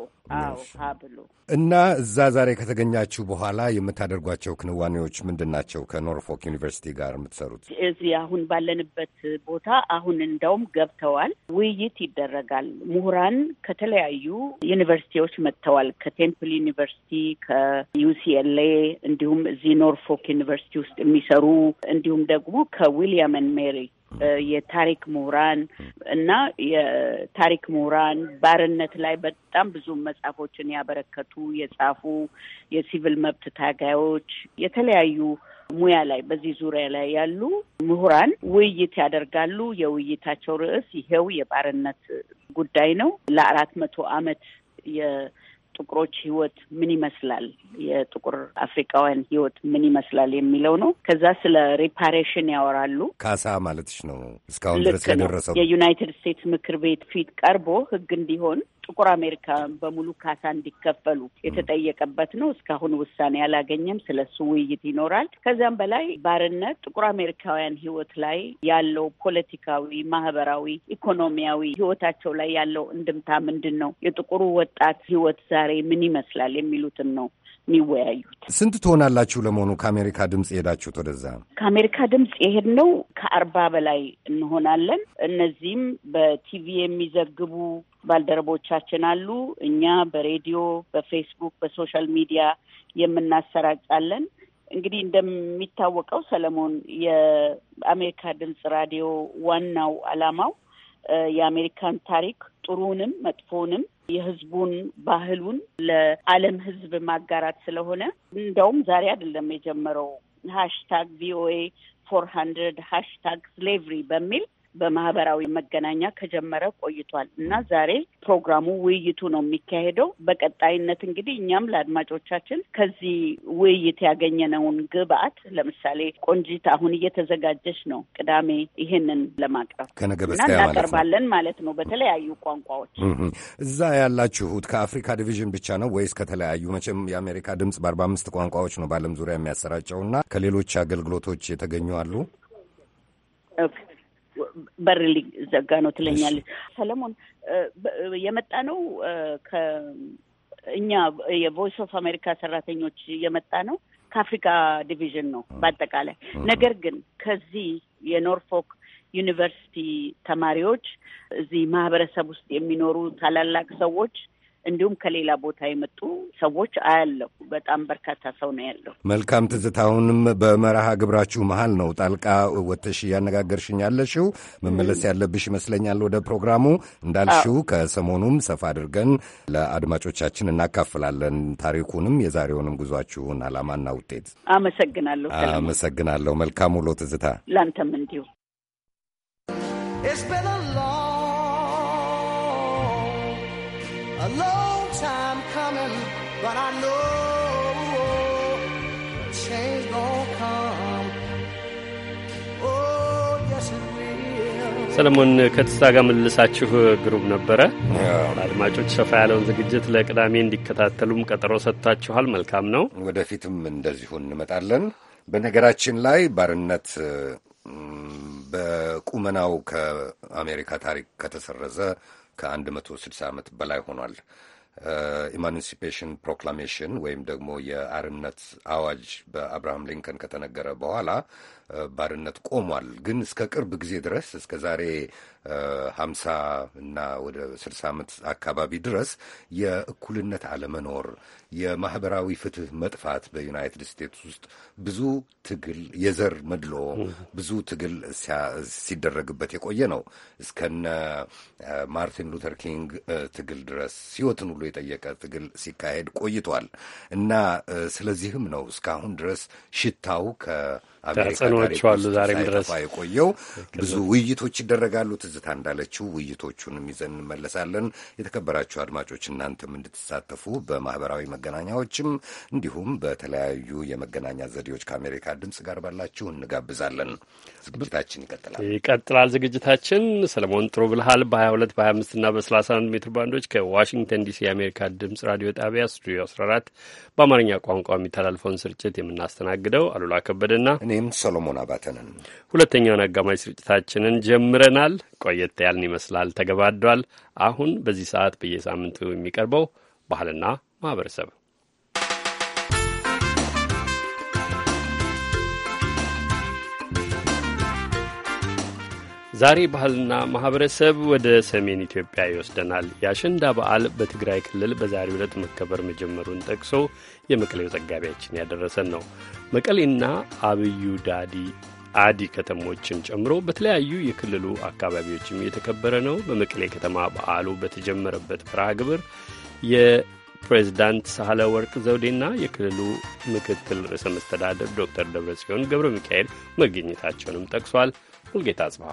ብሎ እና እዛ ዛሬ ከተገኛችሁ በኋላ የምታደርጓቸው ክንዋኔዎች ምንድን ናቸው? ከኖርፎክ ዩኒቨርሲቲ ጋር የምትሰሩት እዚህ አሁን ባለንበት ቦታ አሁን እንደውም ገብተዋል። ውይይት ይደረጋል። ምሁራን ከተለያዩ ዩኒቨርሲቲዎች መጥተዋል። ከቴምፕል ዩኒቨርሲቲ፣ ከዩሲኤልኤ እንዲሁም እዚህ ኖርፎክ ዩኒቨርሲቲ ውስጥ የሚሰሩ እንዲሁም ደግሞ ከዊሊያም ሜሪ የታሪክ ምሁራን እና የታሪክ ምሁራን ባርነት ላይ በጣም ብዙ መጽሐፎችን ያበረከቱ የጻፉ የሲቪል መብት ታጋዮች የተለያዩ ሙያ ላይ በዚህ ዙሪያ ላይ ያሉ ምሁራን ውይይት ያደርጋሉ። የውይይታቸው ርዕስ ይሄው የባርነት ጉዳይ ነው። ለአራት መቶ ዓመት የጥቁሮች ህይወት ምን ይመስላል፣ የጥቁር አፍሪካውያን ህይወት ምን ይመስላል የሚለው ነው። ከዛ ስለ ሪፓሬሽን ያወራሉ። ካሳ ማለትሽ ነው። እስካሁን ድረስ የደረሰው የዩናይትድ ስቴትስ ምክር ቤት ፊት ቀርቦ ህግ እንዲሆን ጥቁር አሜሪካውያን በሙሉ ካሳ እንዲከፈሉ የተጠየቀበት ነው። እስካሁን ውሳኔ አላገኘም ስለሱ ውይይት ይኖራል። ከዚያም በላይ ባርነት ጥቁር አሜሪካውያን ህይወት ላይ ያለው ፖለቲካዊ፣ ማህበራዊ፣ ኢኮኖሚያዊ ህይወታቸው ላይ ያለው እንድምታ ምንድን ነው? የጥቁሩ ወጣት ህይወት ዛሬ ምን ይመስላል? የሚሉትን ነው የሚወያዩት። ስንት ትሆናላችሁ ለመሆኑ ከአሜሪካ ድምፅ የሄዳችሁት ወደዛ? ከአሜሪካ ድምፅ የሄድነው ከአርባ በላይ እንሆናለን። እነዚህም በቲቪ የሚዘግቡ ባልደረቦቻችን አሉ። እኛ በሬዲዮ፣ በፌስቡክ፣ በሶሻል ሚዲያ የምናሰራጫለን። እንግዲህ እንደሚታወቀው ሰለሞን የአሜሪካ ድምፅ ራዲዮ ዋናው አላማው? የአሜሪካን ታሪክ ጥሩንም መጥፎንም የህዝቡን ባህሉን ለዓለም ህዝብ ማጋራት ስለሆነ እንደውም ዛሬ አይደለም የጀመረው ሃሽታግ ቪኦኤ ፎር ሀንድረድ ሃሽታግ ስሌቭሪ በሚል በማህበራዊ መገናኛ ከጀመረ ቆይቷል እና ዛሬ ፕሮግራሙ ውይይቱ ነው የሚካሄደው። በቀጣይነት እንግዲህ እኛም ለአድማጮቻችን ከዚህ ውይይት ያገኘነውን ግብአት ለምሳሌ ቆንጂት አሁን እየተዘጋጀች ነው፣ ቅዳሜ ይህንን ለማቅረብ እና እናቀርባለን ማለት ነው በተለያዩ ቋንቋዎች። እዛ ያላችሁት ከአፍሪካ ዲቪዥን ብቻ ነው ወይስ ከተለያዩ? መቼም የአሜሪካ ድምጽ በአርባ አምስት ቋንቋዎች ነው በዓለም ዙሪያ የሚያሰራጨውና ከሌሎች አገልግሎቶች የተገኙ አሉ? በር ሊዘጋ ነው ትለኛለች። ሰለሞን የመጣ ነው እኛ የቮይስ ኦፍ አሜሪካ ሰራተኞች የመጣ ነው ከአፍሪካ ዲቪዥን ነው በአጠቃላይ። ነገር ግን ከዚህ የኖርፎክ ዩኒቨርሲቲ ተማሪዎች እዚህ ማህበረሰብ ውስጥ የሚኖሩ ታላላቅ ሰዎች እንዲሁም ከሌላ ቦታ የመጡ ሰዎች አያለሁ። በጣም በርካታ ሰው ነው ያለው። መልካም ትዝታ። አሁንም በመርሃ ግብራችሁ መሀል ነው ጣልቃ ወጥተሽ እያነጋገርሽኝ ያለሽው። መመለስ ያለብሽ ይመስለኛል ወደ ፕሮግራሙ እንዳልሽው። ከሰሞኑም ሰፋ አድርገን ለአድማጮቻችን እናካፍላለን ታሪኩንም የዛሬውንም ጉዟችሁን አላማና ውጤት። አመሰግናለሁ። አመሰግናለሁ። መልካም ውሎ ትዝታ። ለአንተም እንዲሁ። a long time coming, but I know change gonna come. Oh, ሰለሞን ከተሳ ጋር መልሳችሁ ግሩም ነበረ። አድማጮች ሰፋ ያለውን ዝግጅት ለቅዳሜ እንዲከታተሉም ቀጠሮ ሰጥታችኋል። መልካም ነው። ወደፊትም እንደዚሁ እንመጣለን። በነገራችን ላይ ባርነት በቁመናው ከአሜሪካ ታሪክ ከተሰረዘ ከ160 ዓመት በላይ ሆኗል። ኢማንሲፔሽን ፕሮክላሜሽን ወይም ደግሞ የአርነት አዋጅ በአብርሃም ሊንከን ከተነገረ በኋላ ባርነት ቆሟል። ግን እስከ ቅርብ ጊዜ ድረስ እስከ ዛሬ ሀምሳ እና ወደ ስልሳ ዓመት አካባቢ ድረስ የእኩልነት አለመኖር፣ የማህበራዊ ፍትህ መጥፋት በዩናይትድ ስቴትስ ውስጥ ብዙ ትግል፣ የዘር መድሎ ብዙ ትግል ሲደረግበት የቆየ ነው። እስከነ ማርቲን ሉተር ኪንግ ትግል ድረስ ህይወትን ሁሉ የጠየቀ ትግል ሲካሄድ ቆይቷል እና ስለዚህም ነው እስካሁን ድረስ ሽታው ከ ተጽዕኖዎቹ አሉ ዛሬም ድረስ የቆየው ብዙ ውይይቶች ይደረጋሉ። ትዝታ እንዳለችው ውይይቶቹንም ይዘን እንመለሳለን። የተከበራችሁ አድማጮች እናንተም እንድትሳተፉ በማህበራዊ መገናኛዎችም እንዲሁም በተለያዩ የመገናኛ ዘዴዎች ከአሜሪካ ድምፅ ጋር ባላችሁ እንጋብዛለን። ዝግጅታችን ይቀጥላል ይቀጥላል። ዝግጅታችን ሰለሞን ጥሩ ብልሃል በ22 በ25 እና በ31 ሜትር ባንዶች ከዋሽንግተን ዲሲ የአሜሪካ ድምፅ ራዲዮ ጣቢያ ስቱዲዮ 14 በአማርኛ ቋንቋ የሚተላልፈውን ስርጭት የምናስተናግደው አሉላ ከበደና እኔም ሰሎሞን አባተንን ሁለተኛውን አጋማሽ ስርጭታችንን ጀምረናል። ቆየት ያልን ይመስላል ተገባዷል። አሁን በዚህ ሰዓት በየሳምንቱ የሚቀርበው ባህልና ማህበረሰብ ዛሬ ባህልና ማህበረሰብ ወደ ሰሜን ኢትዮጵያ ይወስደናል። የአሸንዳ በዓል በትግራይ ክልል በዛሬ ዕለት መከበር መጀመሩን ጠቅሶ የመቀሌው ዘጋቢያችን ያደረሰን ነው። መቀሌና አብዩ ዳዲ አዲ ከተሞችን ጨምሮ በተለያዩ የክልሉ አካባቢዎችም የተከበረ ነው። በመቀሌ ከተማ በዓሉ በተጀመረበት ፍርሃ ግብር የፕሬዝዳንት ሳህለ ወርቅ ዘውዴና የክልሉ ምክትል ርዕሰ መስተዳደር ዶክተር ደብረ ጽዮን ገብረ ሚካኤል መገኘታቸውንም ጠቅሷል። ሙልጌታ አጽብሃ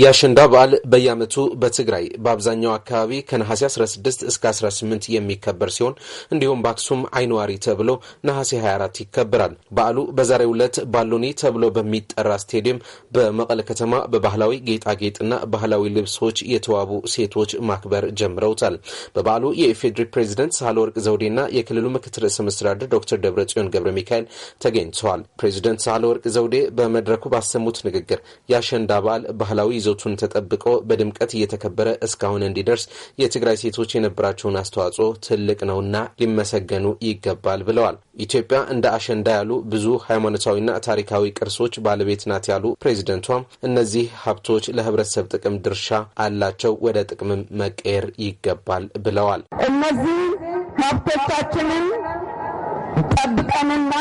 የአሸንዳ በዓል በየዓመቱ በትግራይ በአብዛኛው አካባቢ ከነሐሴ 16 እስከ 18 የሚከበር ሲሆን እንዲሁም በአክሱም አይንዋሪ ተብሎ ነሐሴ 24 ይከበራል። በዓሉ በዛሬው ዕለት ባሎኒ ተብሎ በሚጠራ ስቴዲየም በመቀለ ከተማ በባህላዊ ጌጣጌጥና ባህላዊ ልብሶች የተዋቡ ሴቶች ማክበር ጀምረውታል። በበዓሉ የኢፌዴሪ ፕሬዚደንት ሳህለወርቅ ዘውዴና የክልሉ ምክትል ርዕሰ መስተዳድር ዶክተር ደብረ ጽዮን ገብረ ሚካኤል ተገኝተዋል። ፕሬዚደንት ሳህለወርቅ ዘውዴ በመድረኩ ባሰሙት ንግግር የአሸንዳ በዓል ባህላዊ ይዘቱን ተጠብቆ በድምቀት እየተከበረ እስካሁን እንዲደርስ የትግራይ ሴቶች የነበራቸውን አስተዋጽኦ ትልቅ ነውና ሊመሰገኑ ይገባል ብለዋል። ኢትዮጵያ እንደ አሸንዳ ያሉ ብዙ ሃይማኖታዊና ታሪካዊ ቅርሶች ባለቤት ናት ያሉ ፕሬዚደንቷ እነዚህ ሀብቶች ለህብረተሰብ ጥቅም ድርሻ አላቸው፣ ወደ ጥቅምም መቀየር ይገባል ብለዋል። እነዚህ ሀብቶቻችንን ጠብቀንና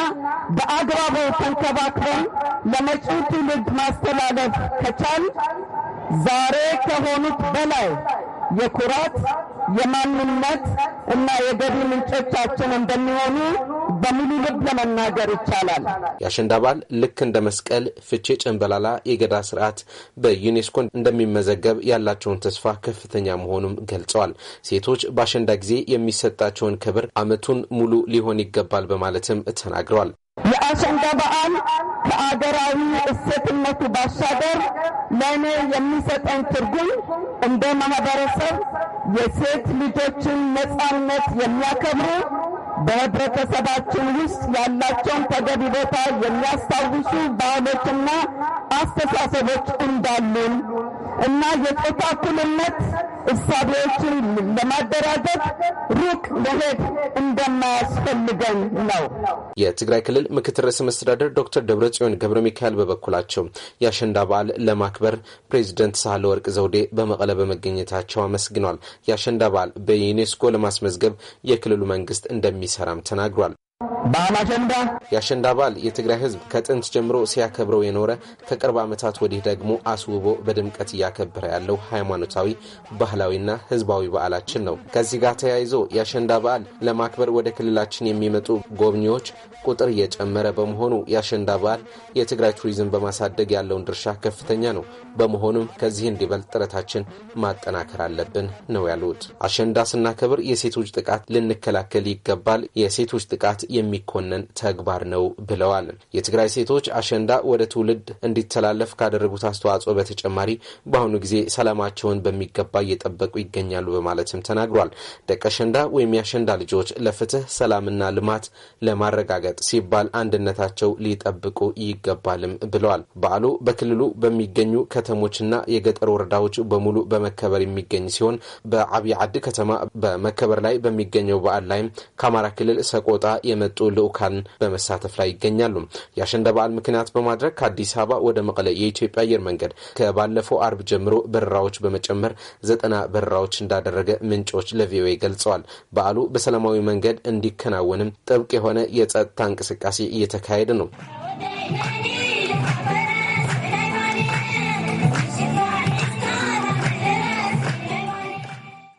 በአግባቡ ተንከባክበን ለመጪው ትውልድ ማስተላለፍ ከቻል ዛሬ ከሆኑት በላይ የኩራት የማንነት እና የገቢ ምንጮቻችን እንደሚሆኑ በሙሉ ልብ ለመናገር ይቻላል። የአሸንዳ በዓል ልክ እንደ መስቀል፣ ፍቼ፣ ጨንበላላ የገዳ ስርዓት በዩኔስኮ እንደሚመዘገብ ያላቸውን ተስፋ ከፍተኛ መሆኑም ገልጸዋል። ሴቶች በአሸንዳ ጊዜ የሚሰጣቸውን ክብር ዓመቱን ሙሉ ሊሆን ይገባል በማለትም ተናግረዋል። የአሸንዳ በዓል ከአገራዊ እሴትነቱ ባሻገር ለእኔ የሚሰጠኝ ትርጉም እንደ ማህበረሰብ የሴት ልጆችን ነጻነት የሚያከብሩ በህብረተሰባችን ውስጥ ያላቸውን ተገቢ ቦታ የሚያስታውሱ ባህሎችና አስተሳሰቦች እንዳሉን እና የጾታ እኩልነት እሳቤዎችን ለማደራጀት ሩቅ መሄድ እንደማያስፈልገን ነው። የትግራይ ክልል ምክትል ርዕሰ መስተዳደር ዶክተር ደብረጽዮን ገብረ ሚካኤል በበኩላቸው የአሸንዳ በዓል ለማክበር ፕሬዚደንት ሳህለወርቅ ዘውዴ በመቀለ በመገኘታቸው አመስግኗል። የአሸንዳ በዓል በዩኔስኮ ለማስመዝገብ የክልሉ መንግስት እንደሚሰራም ተናግሯል። በዓል አሸንዳ የአሸንዳ በዓል የትግራይ ህዝብ ከጥንት ጀምሮ ሲያከብረው የኖረ ከቅርብ ዓመታት ወዲህ ደግሞ አስውቦ በድምቀት እያከበረ ያለው ሃይማኖታዊ፣ ባህላዊና ህዝባዊ በዓላችን ነው። ከዚህ ጋር ተያይዞ የአሸንዳ በዓል ለማክበር ወደ ክልላችን የሚመጡ ጎብኚዎች ቁጥር እየጨመረ በመሆኑ የአሸንዳ በዓል የትግራይ ቱሪዝም በማሳደግ ያለውን ድርሻ ከፍተኛ ነው። በመሆኑም ከዚህ እንዲበልጥ ጥረታችን ማጠናከር አለብን ነው ያሉት። አሸንዳ ስናከብር የሴቶች ጥቃት ልንከላከል ይገባል። የሴቶች ጥቃት የሚኮነን ተግባር ነው ብለዋል። የትግራይ ሴቶች አሸንዳ ወደ ትውልድ እንዲተላለፍ ካደረጉት አስተዋጽኦ በተጨማሪ በአሁኑ ጊዜ ሰላማቸውን በሚገባ እየጠበቁ ይገኛሉ በማለትም ተናግሯል። ደቀ ወይም የአሸንዳ ልጆች ለፍትህ ሰላምና ልማት ለማረጋገጥ ለማረጋገጥ ሲባል አንድነታቸው ሊጠብቁ ይገባልም ብለዋል። በዓሉ በክልሉ በሚገኙ ከተሞችና የገጠር ወረዳዎች በሙሉ በመከበር የሚገኝ ሲሆን በአብይ ዓዲ ከተማ በመከበር ላይ በሚገኘው በዓል ላይም ከአማራ ክልል ሰቆጣ የመጡ ልዑካን በመሳተፍ ላይ ይገኛሉ። የአሸንዳ በዓል ምክንያት በማድረግ ከአዲስ አበባ ወደ መቀለ የኢትዮጵያ አየር መንገድ ከባለፈው አርብ ጀምሮ በረራዎች በመጨመር ዘጠና በረራዎች እንዳደረገ ምንጮች ለቪኦኤ ገልጸዋል። በዓሉ በሰላማዊ መንገድ እንዲከናወንም ጥብቅ የሆነ የጸጥታ እንቅስቃሴ እየተካሄደ ነው።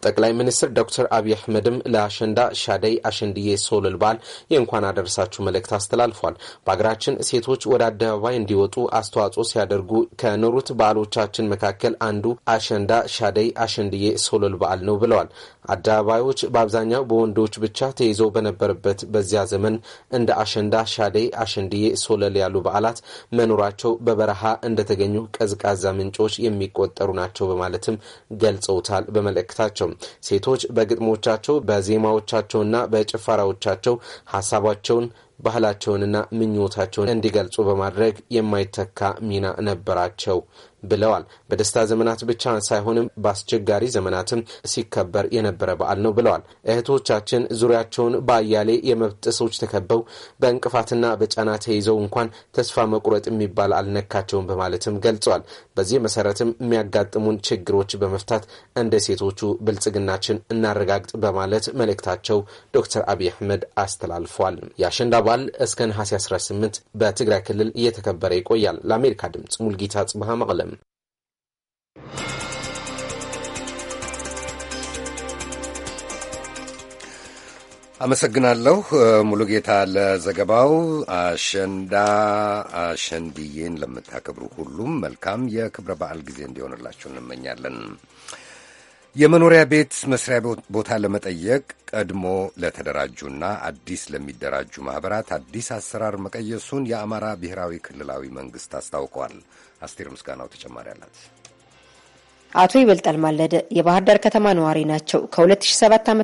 ጠቅላይ ሚኒስትር ዶክተር አብይ አህመድም ለአሸንዳ ሻደይ አሸንድዬ ሶልል በዓል የእንኳን አደረሳችሁ መልእክት አስተላልፏል። በሀገራችን ሴቶች ወደ አደባባይ እንዲወጡ አስተዋጽኦ ሲያደርጉ ከኖሩት በዓሎቻችን መካከል አንዱ አሸንዳ ሻደይ አሸንድዬ ሶልል በዓል ነው ብለዋል። አደባባዮች በአብዛኛው በወንዶች ብቻ ተይዘው በነበረበት በዚያ ዘመን እንደ አሸንዳ ሻደይ አሸንድዬ ሶለል ያሉ በዓላት መኖራቸው በበረሃ እንደተገኙ ቀዝቃዛ ምንጮች የሚቆጠሩ ናቸው በማለትም ገልጸውታል በመልእክታቸው። ሴቶች በግጥሞቻቸው በዜማዎቻቸውና በጭፈራዎቻቸው ሀሳባቸውን ባህላቸውንና ምኞታቸውን እንዲገልጹ በማድረግ የማይተካ ሚና ነበራቸው ብለዋል። በደስታ ዘመናት ብቻ ሳይሆንም በአስቸጋሪ ዘመናትም ሲከበር የነበረ በዓል ነው ብለዋል። እህቶቻችን ዙሪያቸውን በአያሌ የመብት ጥሰቶች ተከበው በእንቅፋትና በጫና ተይዘው እንኳን ተስፋ መቁረጥ የሚባል አልነካቸውም በማለትም ገልጸዋል። በዚህ መሰረትም የሚያጋጥሙን ችግሮች በመፍታት እንደ ሴቶቹ ብልጽግናችን እናረጋግጥ በማለት መልእክታቸው ዶክተር አብይ አህመድ አስተላልፏል። የአሸንዳ በዓል እስከ ነሐሴ 18 በትግራይ ክልል እየተከበረ ይቆያል። ለአሜሪካ ድምፅ ሙልጌታ ጽብሃ መቅለም አመሰግናለሁ ሙሉጌታ ለዘገባው። አሸንዳ አሸንድዬን ለምታከብሩ ሁሉም መልካም የክብረ በዓል ጊዜ እንዲሆንላችሁ እንመኛለን። የመኖሪያ ቤት መስሪያ ቦታ ለመጠየቅ ቀድሞ ለተደራጁና አዲስ ለሚደራጁ ማኅበራት አዲስ አሰራር መቀየሱን የአማራ ብሔራዊ ክልላዊ መንግሥት አስታውቋል። አስቴር ምስጋናው ተጨማሪ አላት። አቶ ይበልጣል ማለደ የባህር ዳር ከተማ ነዋሪ ናቸው። ከ2007 ዓ.ም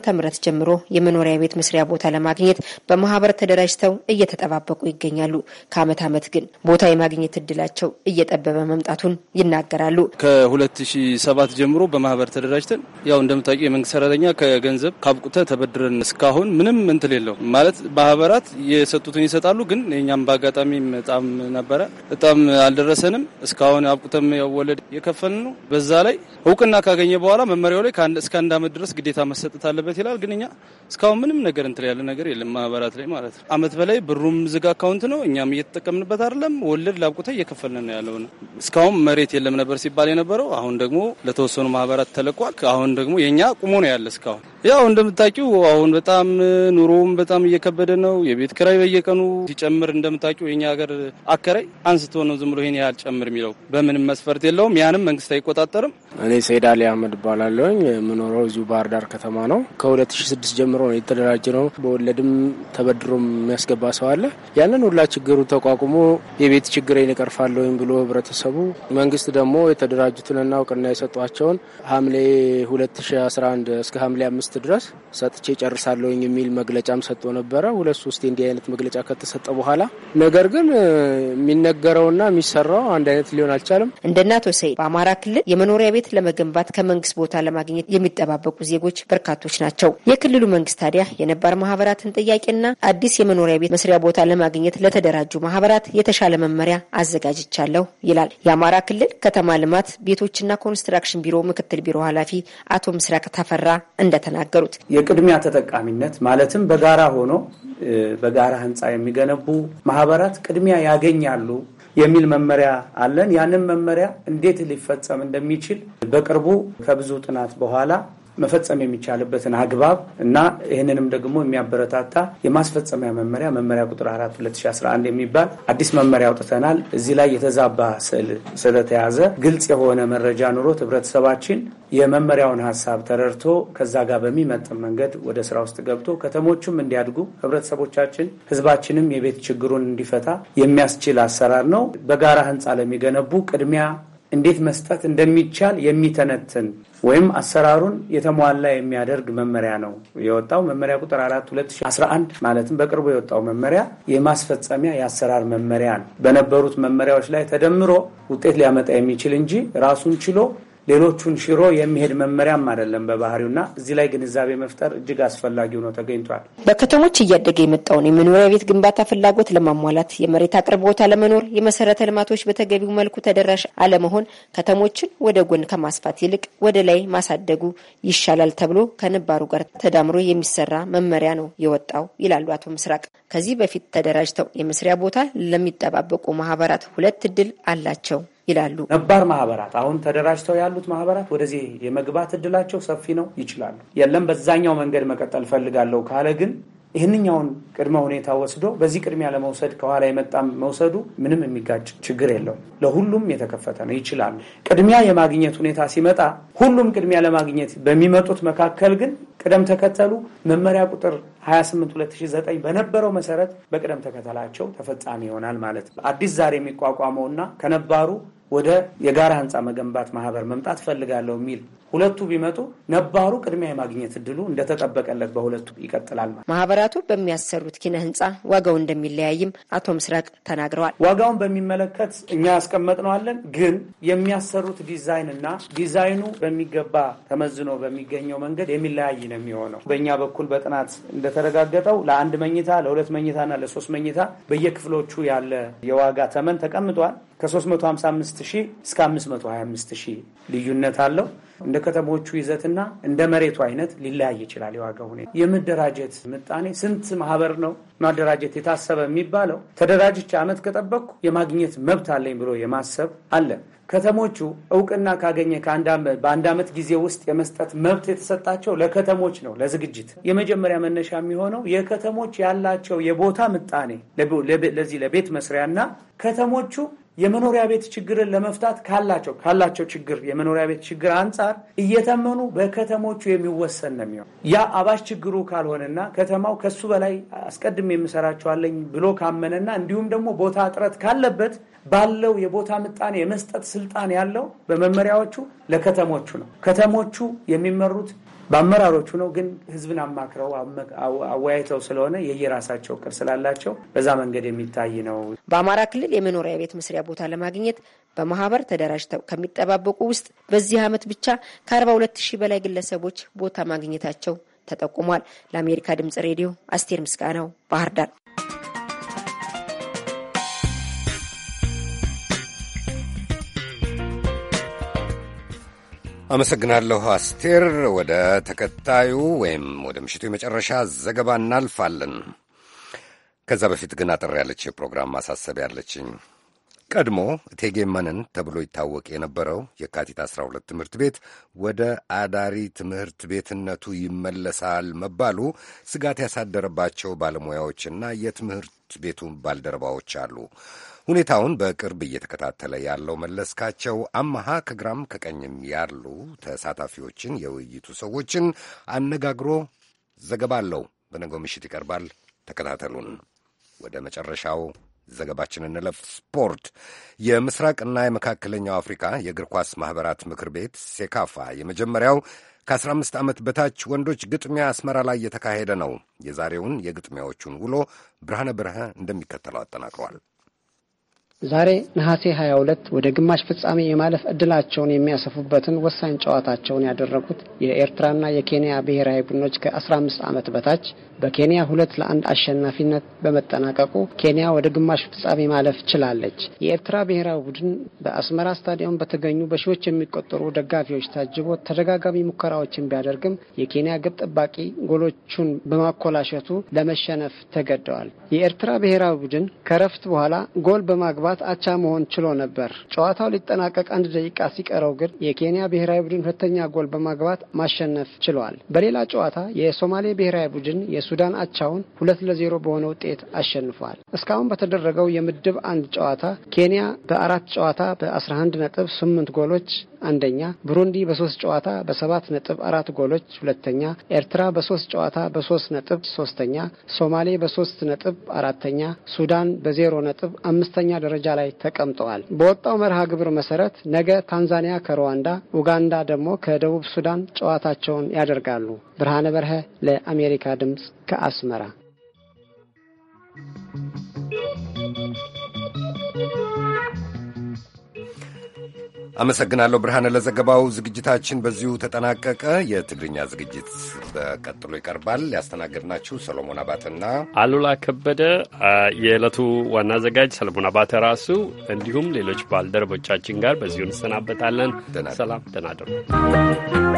ጀምሮ የመኖሪያ ቤት መስሪያ ቦታ ለማግኘት በማህበር ተደራጅተው እየተጠባበቁ ይገኛሉ። ከአመት አመት ግን ቦታ የማግኘት እድላቸው እየጠበበ መምጣቱን ይናገራሉ። ከ2007 ጀምሮ በማህበር ተደራጅተን ያው እንደምታውቂው የመንግስት ሰራተኛ ከገንዘብ ካብቁተ ተበድረን እስካሁን ምንም እንትል የለው ማለት ማህበራት የሰጡትን ይሰጣሉ። ግን እኛም በአጋጣሚ በጣም ነበረ በጣም አልደረሰንም። እስካሁን አብቁተም ያወለድ የከፈልን ነው በዛ ላይ ላይ እውቅና ካገኘ በኋላ መመሪያው ላይ እስከ አንድ አመት ድረስ ግዴታ መሰጠት አለበት ይላል። ግን እኛ እስካሁን ምንም ነገር እንትን ያለ ነገር የለም ማህበራት ላይ ማለት ነው። አመት በላይ ብሩም ዝግ አካውንት ነው፣ እኛም እየተጠቀምንበት አይደለም። ወለድ ላብቁታ እየከፈልን ነው ያለው። እስካሁን መሬት የለም ነበር ሲባል የነበረው አሁን ደግሞ ለተወሰኑ ማህበራት ተለቋል። አሁን ደግሞ የእኛ ቁሞ ነው ያለ እስካሁን ያው እንደምታውቂው አሁን በጣም ኑሮውም በጣም እየከበደ ነው። የቤት ክራይ በየቀኑ ሲጨምር እንደምታውቂው የኛ ሀገር አከራይ አንስቶ ነው ዝም ብሎ ይሄን ያህል ጨምር የሚለው በምንም መስፈርት የለውም። ያንም መንግስት አይቆጣጠርም። እኔ ሰይድ አሊ አህመድ እባላለሁኝ። የምኖረው እዚሁ ባህር ዳር ከተማ ነው። ከ2006 ጀምሮ ነው የተደራጀ ነው። በወለድም ተበድሮ የሚያስገባ ሰው አለ። ያንን ሁላ ችግሩ ተቋቁሞ የቤት ችግሬን እቀርፋለሁኝ ብሎ ህብረተሰቡ፣ መንግስት ደግሞ የተደራጁትንና እውቅና የሰጧቸውን ሐምሌ 2011 እስከ ሐምሌ አምስት ድረስ ሰጥቼ ጨርሳለሁኝ የሚል መግለጫም ሰጥቶ ነበረ። ሁለት ሶስት እንዲህ አይነት መግለጫ ከተሰጠ በኋላ ነገር ግን የሚነገረውና የሚሰራው አንድ አይነት ሊሆን አልቻለም። እንደ እናቶ ሰይድ በአማራ ክልል የመኖሪያ ቤት ቤት ለመገንባት ከመንግስት ቦታ ለማግኘት የሚጠባበቁ ዜጎች በርካቶች ናቸው። የክልሉ መንግስት ታዲያ የነባር ማህበራትን ጥያቄና አዲስ የመኖሪያ ቤት መስሪያ ቦታ ለማግኘት ለተደራጁ ማህበራት የተሻለ መመሪያ አዘጋጅቻለሁ ይላል። የአማራ ክልል ከተማ ልማት ቤቶችና ኮንስትራክሽን ቢሮ ምክትል ቢሮ ኃላፊ አቶ ምስራቅ ተፈራ እንደተናገሩት የቅድሚያ ተጠቃሚነት ማለትም በጋራ ሆኖ በጋራ ህንፃ የሚገነቡ ማህበራት ቅድሚያ ያገኛሉ የሚል መመሪያ አለን። ያንን መመሪያ እንዴት ሊፈጸም እንደሚችል በቅርቡ ከብዙ ጥናት በኋላ መፈጸም የሚቻልበትን አግባብ እና ይህንንም ደግሞ የሚያበረታታ የማስፈጸሚያ መመሪያ መመሪያ ቁጥር 4 2011 የሚባል አዲስ መመሪያ አውጥተናል። እዚህ ላይ የተዛባ ስዕል ስለተያዘ ግልጽ የሆነ መረጃ ኑሮት ህብረተሰባችን የመመሪያውን ሀሳብ ተረድቶ ከዛ ጋር በሚመጥን መንገድ ወደ ስራ ውስጥ ገብቶ ከተሞቹም እንዲያድጉ ህብረተሰቦቻችን፣ ህዝባችንም የቤት ችግሩን እንዲፈታ የሚያስችል አሰራር ነው። በጋራ ህንፃ ለሚገነቡ ቅድሚያ እንዴት መስጠት እንደሚቻል የሚተነትን ወይም አሰራሩን የተሟላ የሚያደርግ መመሪያ ነው የወጣው። መመሪያ ቁጥር 4 2011 ማለትም በቅርቡ የወጣው መመሪያ የማስፈጸሚያ የአሰራር መመሪያ ነው። በነበሩት መመሪያዎች ላይ ተደምሮ ውጤት ሊያመጣ የሚችል እንጂ ራሱን ችሎ ሌሎቹን ሽሮ የሚሄድ መመሪያም አይደለም በባህሪውና እዚህ ላይ ግንዛቤ መፍጠር እጅግ አስፈላጊ ሆኖ ተገኝቷል። በከተሞች እያደገ የመጣውን የመኖሪያ ቤት ግንባታ ፍላጎት ለማሟላት የመሬት አቅርቦት አለመኖር፣ የመሰረተ ልማቶች በተገቢው መልኩ ተደራሽ አለመሆን ከተሞችን ወደ ጎን ከማስፋት ይልቅ ወደ ላይ ማሳደጉ ይሻላል ተብሎ ከነባሩ ጋር ተዳምሮ የሚሰራ መመሪያ ነው የወጣው ይላሉ አቶ ምስራቅ። ከዚህ በፊት ተደራጅተው የመስሪያ ቦታ ለሚጠባበቁ ማህበራት ሁለት እድል አላቸው ይላሉ። ነባር ማህበራት አሁን ተደራጅተው ያሉት ማህበራት ወደዚህ የመግባት እድላቸው ሰፊ ነው፣ ይችላሉ። የለም በዛኛው መንገድ መቀጠል ፈልጋለሁ ካለ ግን ይህንኛውን ቅድመ ሁኔታ ወስዶ በዚህ ቅድሚያ ለመውሰድ ከኋላ የመጣም መውሰዱ ምንም የሚጋጭ ችግር የለውም። ለሁሉም የተከፈተ ነው፣ ይችላል። ቅድሚያ የማግኘት ሁኔታ ሲመጣ ሁሉም ቅድሚያ ለማግኘት በሚመጡት መካከል ግን ቅደም ተከተሉ መመሪያ ቁጥር 282009 በነበረው መሰረት በቅደም ተከተላቸው ተፈጻሚ ይሆናል ማለት ነው። አዲስ ዛሬ የሚቋቋመውና ከነባሩ ወደ የጋራ ህንፃ መገንባት ማህበር መምጣት እፈልጋለሁ የሚል ሁለቱ ቢመጡ ነባሩ ቅድሚያ የማግኘት እድሉ እንደተጠበቀለት በሁለቱ ይቀጥላል። ማህበራቱ በሚያሰሩት ኪነ ህንፃ ዋጋው እንደሚለያይም አቶ ምስራቅ ተናግረዋል። ዋጋውን በሚመለከት እኛ ያስቀመጥነዋለን፣ ግን የሚያሰሩት ዲዛይን እና ዲዛይኑ በሚገባ ተመዝኖ በሚገኘው መንገድ የሚለያይ ነው የሚሆነው። በእኛ በኩል በጥናት እንደተረጋገጠው ለአንድ መኝታ፣ ለሁለት መኝታና ለሶስት መኝታ በየክፍሎቹ ያለ የዋጋ ተመን ተቀምጧል። ከ355 ሺህ እስከ 525 ሺህ ልዩነት አለው። እንደ ከተሞቹ ይዘትና እንደ መሬቱ አይነት ሊለያይ ይችላል። የዋጋ ሁኔታ የመደራጀት ምጣኔ ስንት ማህበር ነው ማደራጀት የታሰበ የሚባለው ተደራጅቼ ዓመት ከጠበቅኩ የማግኘት መብት አለኝ ብሎ የማሰብ አለ። ከተሞቹ እውቅና ካገኘ በአንድ ዓመት ጊዜ ውስጥ የመስጠት መብት የተሰጣቸው ለከተሞች ነው። ለዝግጅት የመጀመሪያ መነሻ የሚሆነው የከተሞች ያላቸው የቦታ ምጣኔ ለዚህ ለቤት መስሪያና ከተሞቹ የመኖሪያ ቤት ችግርን ለመፍታት ካላቸው ካላቸው ችግር የመኖሪያ ቤት ችግር አንጻር እየተመኑ በከተሞቹ የሚወሰን ነው የሚሆን ያ አባሽ ችግሩ ካልሆነና ከተማው ከሱ በላይ አስቀድም የምሰራቸዋለኝ ብሎ ካመነና እንዲሁም ደግሞ ቦታ እጥረት ካለበት ባለው የቦታ ምጣኔ የመስጠት ስልጣን ያለው በመመሪያዎቹ ለከተሞቹ ነው። ከተሞቹ የሚመሩት በአመራሮቹ ነው። ግን ህዝብን አማክረው አወያይተው ስለሆነ የየራሳቸው ቅር ስላላቸው በዛ መንገድ የሚታይ ነው። በአማራ ክልል የመኖሪያ ቤት መስሪያ ቦታ ለማግኘት በማህበር ተደራጅተው ከሚጠባበቁ ውስጥ በዚህ ዓመት ብቻ ከ42 ሺህ በላይ ግለሰቦች ቦታ ማግኘታቸው ተጠቁሟል። ለአሜሪካ ድምጽ ሬዲዮ አስቴር ምስጋናው ባህር ዳር። አመሰግናለሁ አስቴር። ወደ ተከታዩ ወይም ወደ ምሽቱ የመጨረሻ ዘገባ እናልፋለን። ከዛ በፊት ግን አጠር ያለች የፕሮግራም ማሳሰቢያ ያለችኝ። ቀድሞ እቴጌ መነን ተብሎ ይታወቅ የነበረው የካቲት 12 ትምህርት ቤት ወደ አዳሪ ትምህርት ቤትነቱ ይመለሳል መባሉ ስጋት ያሳደረባቸው ባለሙያዎችና የትምህርት ቤቱ ባልደረባዎች አሉ። ሁኔታውን በቅርብ እየተከታተለ ያለው መለስካቸው አመሃ ከግራም ከቀኝም ያሉ ተሳታፊዎችን የውይይቱ ሰዎችን አነጋግሮ ዘገባ አለው። በነገው ምሽት ይቀርባል። ተከታተሉን። ወደ መጨረሻው ዘገባችን እንለፍ። ስፖርት። የምስራቅና የመካከለኛው አፍሪካ የእግር ኳስ ማኅበራት ምክር ቤት ሴካፋ የመጀመሪያው ከ15 ዓመት በታች ወንዶች ግጥሚያ አስመራ ላይ እየተካሄደ ነው። የዛሬውን የግጥሚያዎቹን ውሎ ብርሃነ ብርሃ እንደሚከተለው አጠናቅሯል። ዛሬ ነሐሴ 22 ወደ ግማሽ ፍጻሜ የማለፍ እድላቸውን የሚያሰፉበትን ወሳኝ ጨዋታቸውን ያደረጉት የኤርትራና የኬንያ ብሔራዊ ቡድኖች ከ15 ዓመት በታች በኬንያ ሁለት ለአንድ አሸናፊነት በመጠናቀቁ ኬንያ ወደ ግማሽ ፍጻሜ ማለፍ ችላለች። የኤርትራ ብሔራዊ ቡድን በአስመራ ስታዲየም በተገኙ በሺዎች የሚቆጠሩ ደጋፊዎች ታጅቦ ተደጋጋሚ ሙከራዎችን ቢያደርግም የኬንያ ግብ ጠባቂ ጎሎቹን በማኮላሸቱ ለመሸነፍ ተገደዋል። የኤርትራ ብሔራዊ ቡድን ከረፍት በኋላ ጎል በማግባት በመግባት አቻ መሆን ችሎ ነበር። ጨዋታው ሊጠናቀቅ አንድ ደቂቃ ሲቀረው ግን የኬንያ ብሔራዊ ቡድን ሁለተኛ ጎል በማግባት ማሸነፍ ችሏል። በሌላ ጨዋታ የሶማሌ ብሔራዊ ቡድን የሱዳን አቻውን ሁለት ለዜሮ በሆነ ውጤት አሸንፏል። እስካሁን በተደረገው የምድብ አንድ ጨዋታ ኬንያ በአራት ጨዋታ በ11 ነጥብ ስምንት ጎሎች አንደኛ፣ ብሩንዲ በሶስት ጨዋታ በሰባት ነጥብ አራት ጎሎች ሁለተኛ፣ ኤርትራ በሶስት ጨዋታ በሶስት ነጥብ ሶስተኛ፣ ሶማሌ በሶስት ነጥብ አራተኛ፣ ሱዳን በዜሮ ነጥብ አምስተኛ ደረጃ ደረጃ ላይ ተቀምጠዋል። በወጣው መርሃ ግብር መሰረት ነገ ታንዛኒያ ከሩዋንዳ፣ ኡጋንዳ ደግሞ ከደቡብ ሱዳን ጨዋታቸውን ያደርጋሉ። ብርሃነ በርሀ ለአሜሪካ ድምፅ ከአስመራ አመሰግናለሁ ብርሃነ ለዘገባው። ዝግጅታችን በዚሁ ተጠናቀቀ። የትግርኛ ዝግጅት በቀጥሎ ይቀርባል። ያስተናገድናችሁ ሰሎሞን አባተና አሉላ ከበደ፣ የዕለቱ ዋና አዘጋጅ ሰሎሞን አባተ ራሱ፣ እንዲሁም ሌሎች ባልደረቦቻችን ጋር በዚሁ እንሰናበታለን። ሰላም ደናደሩ።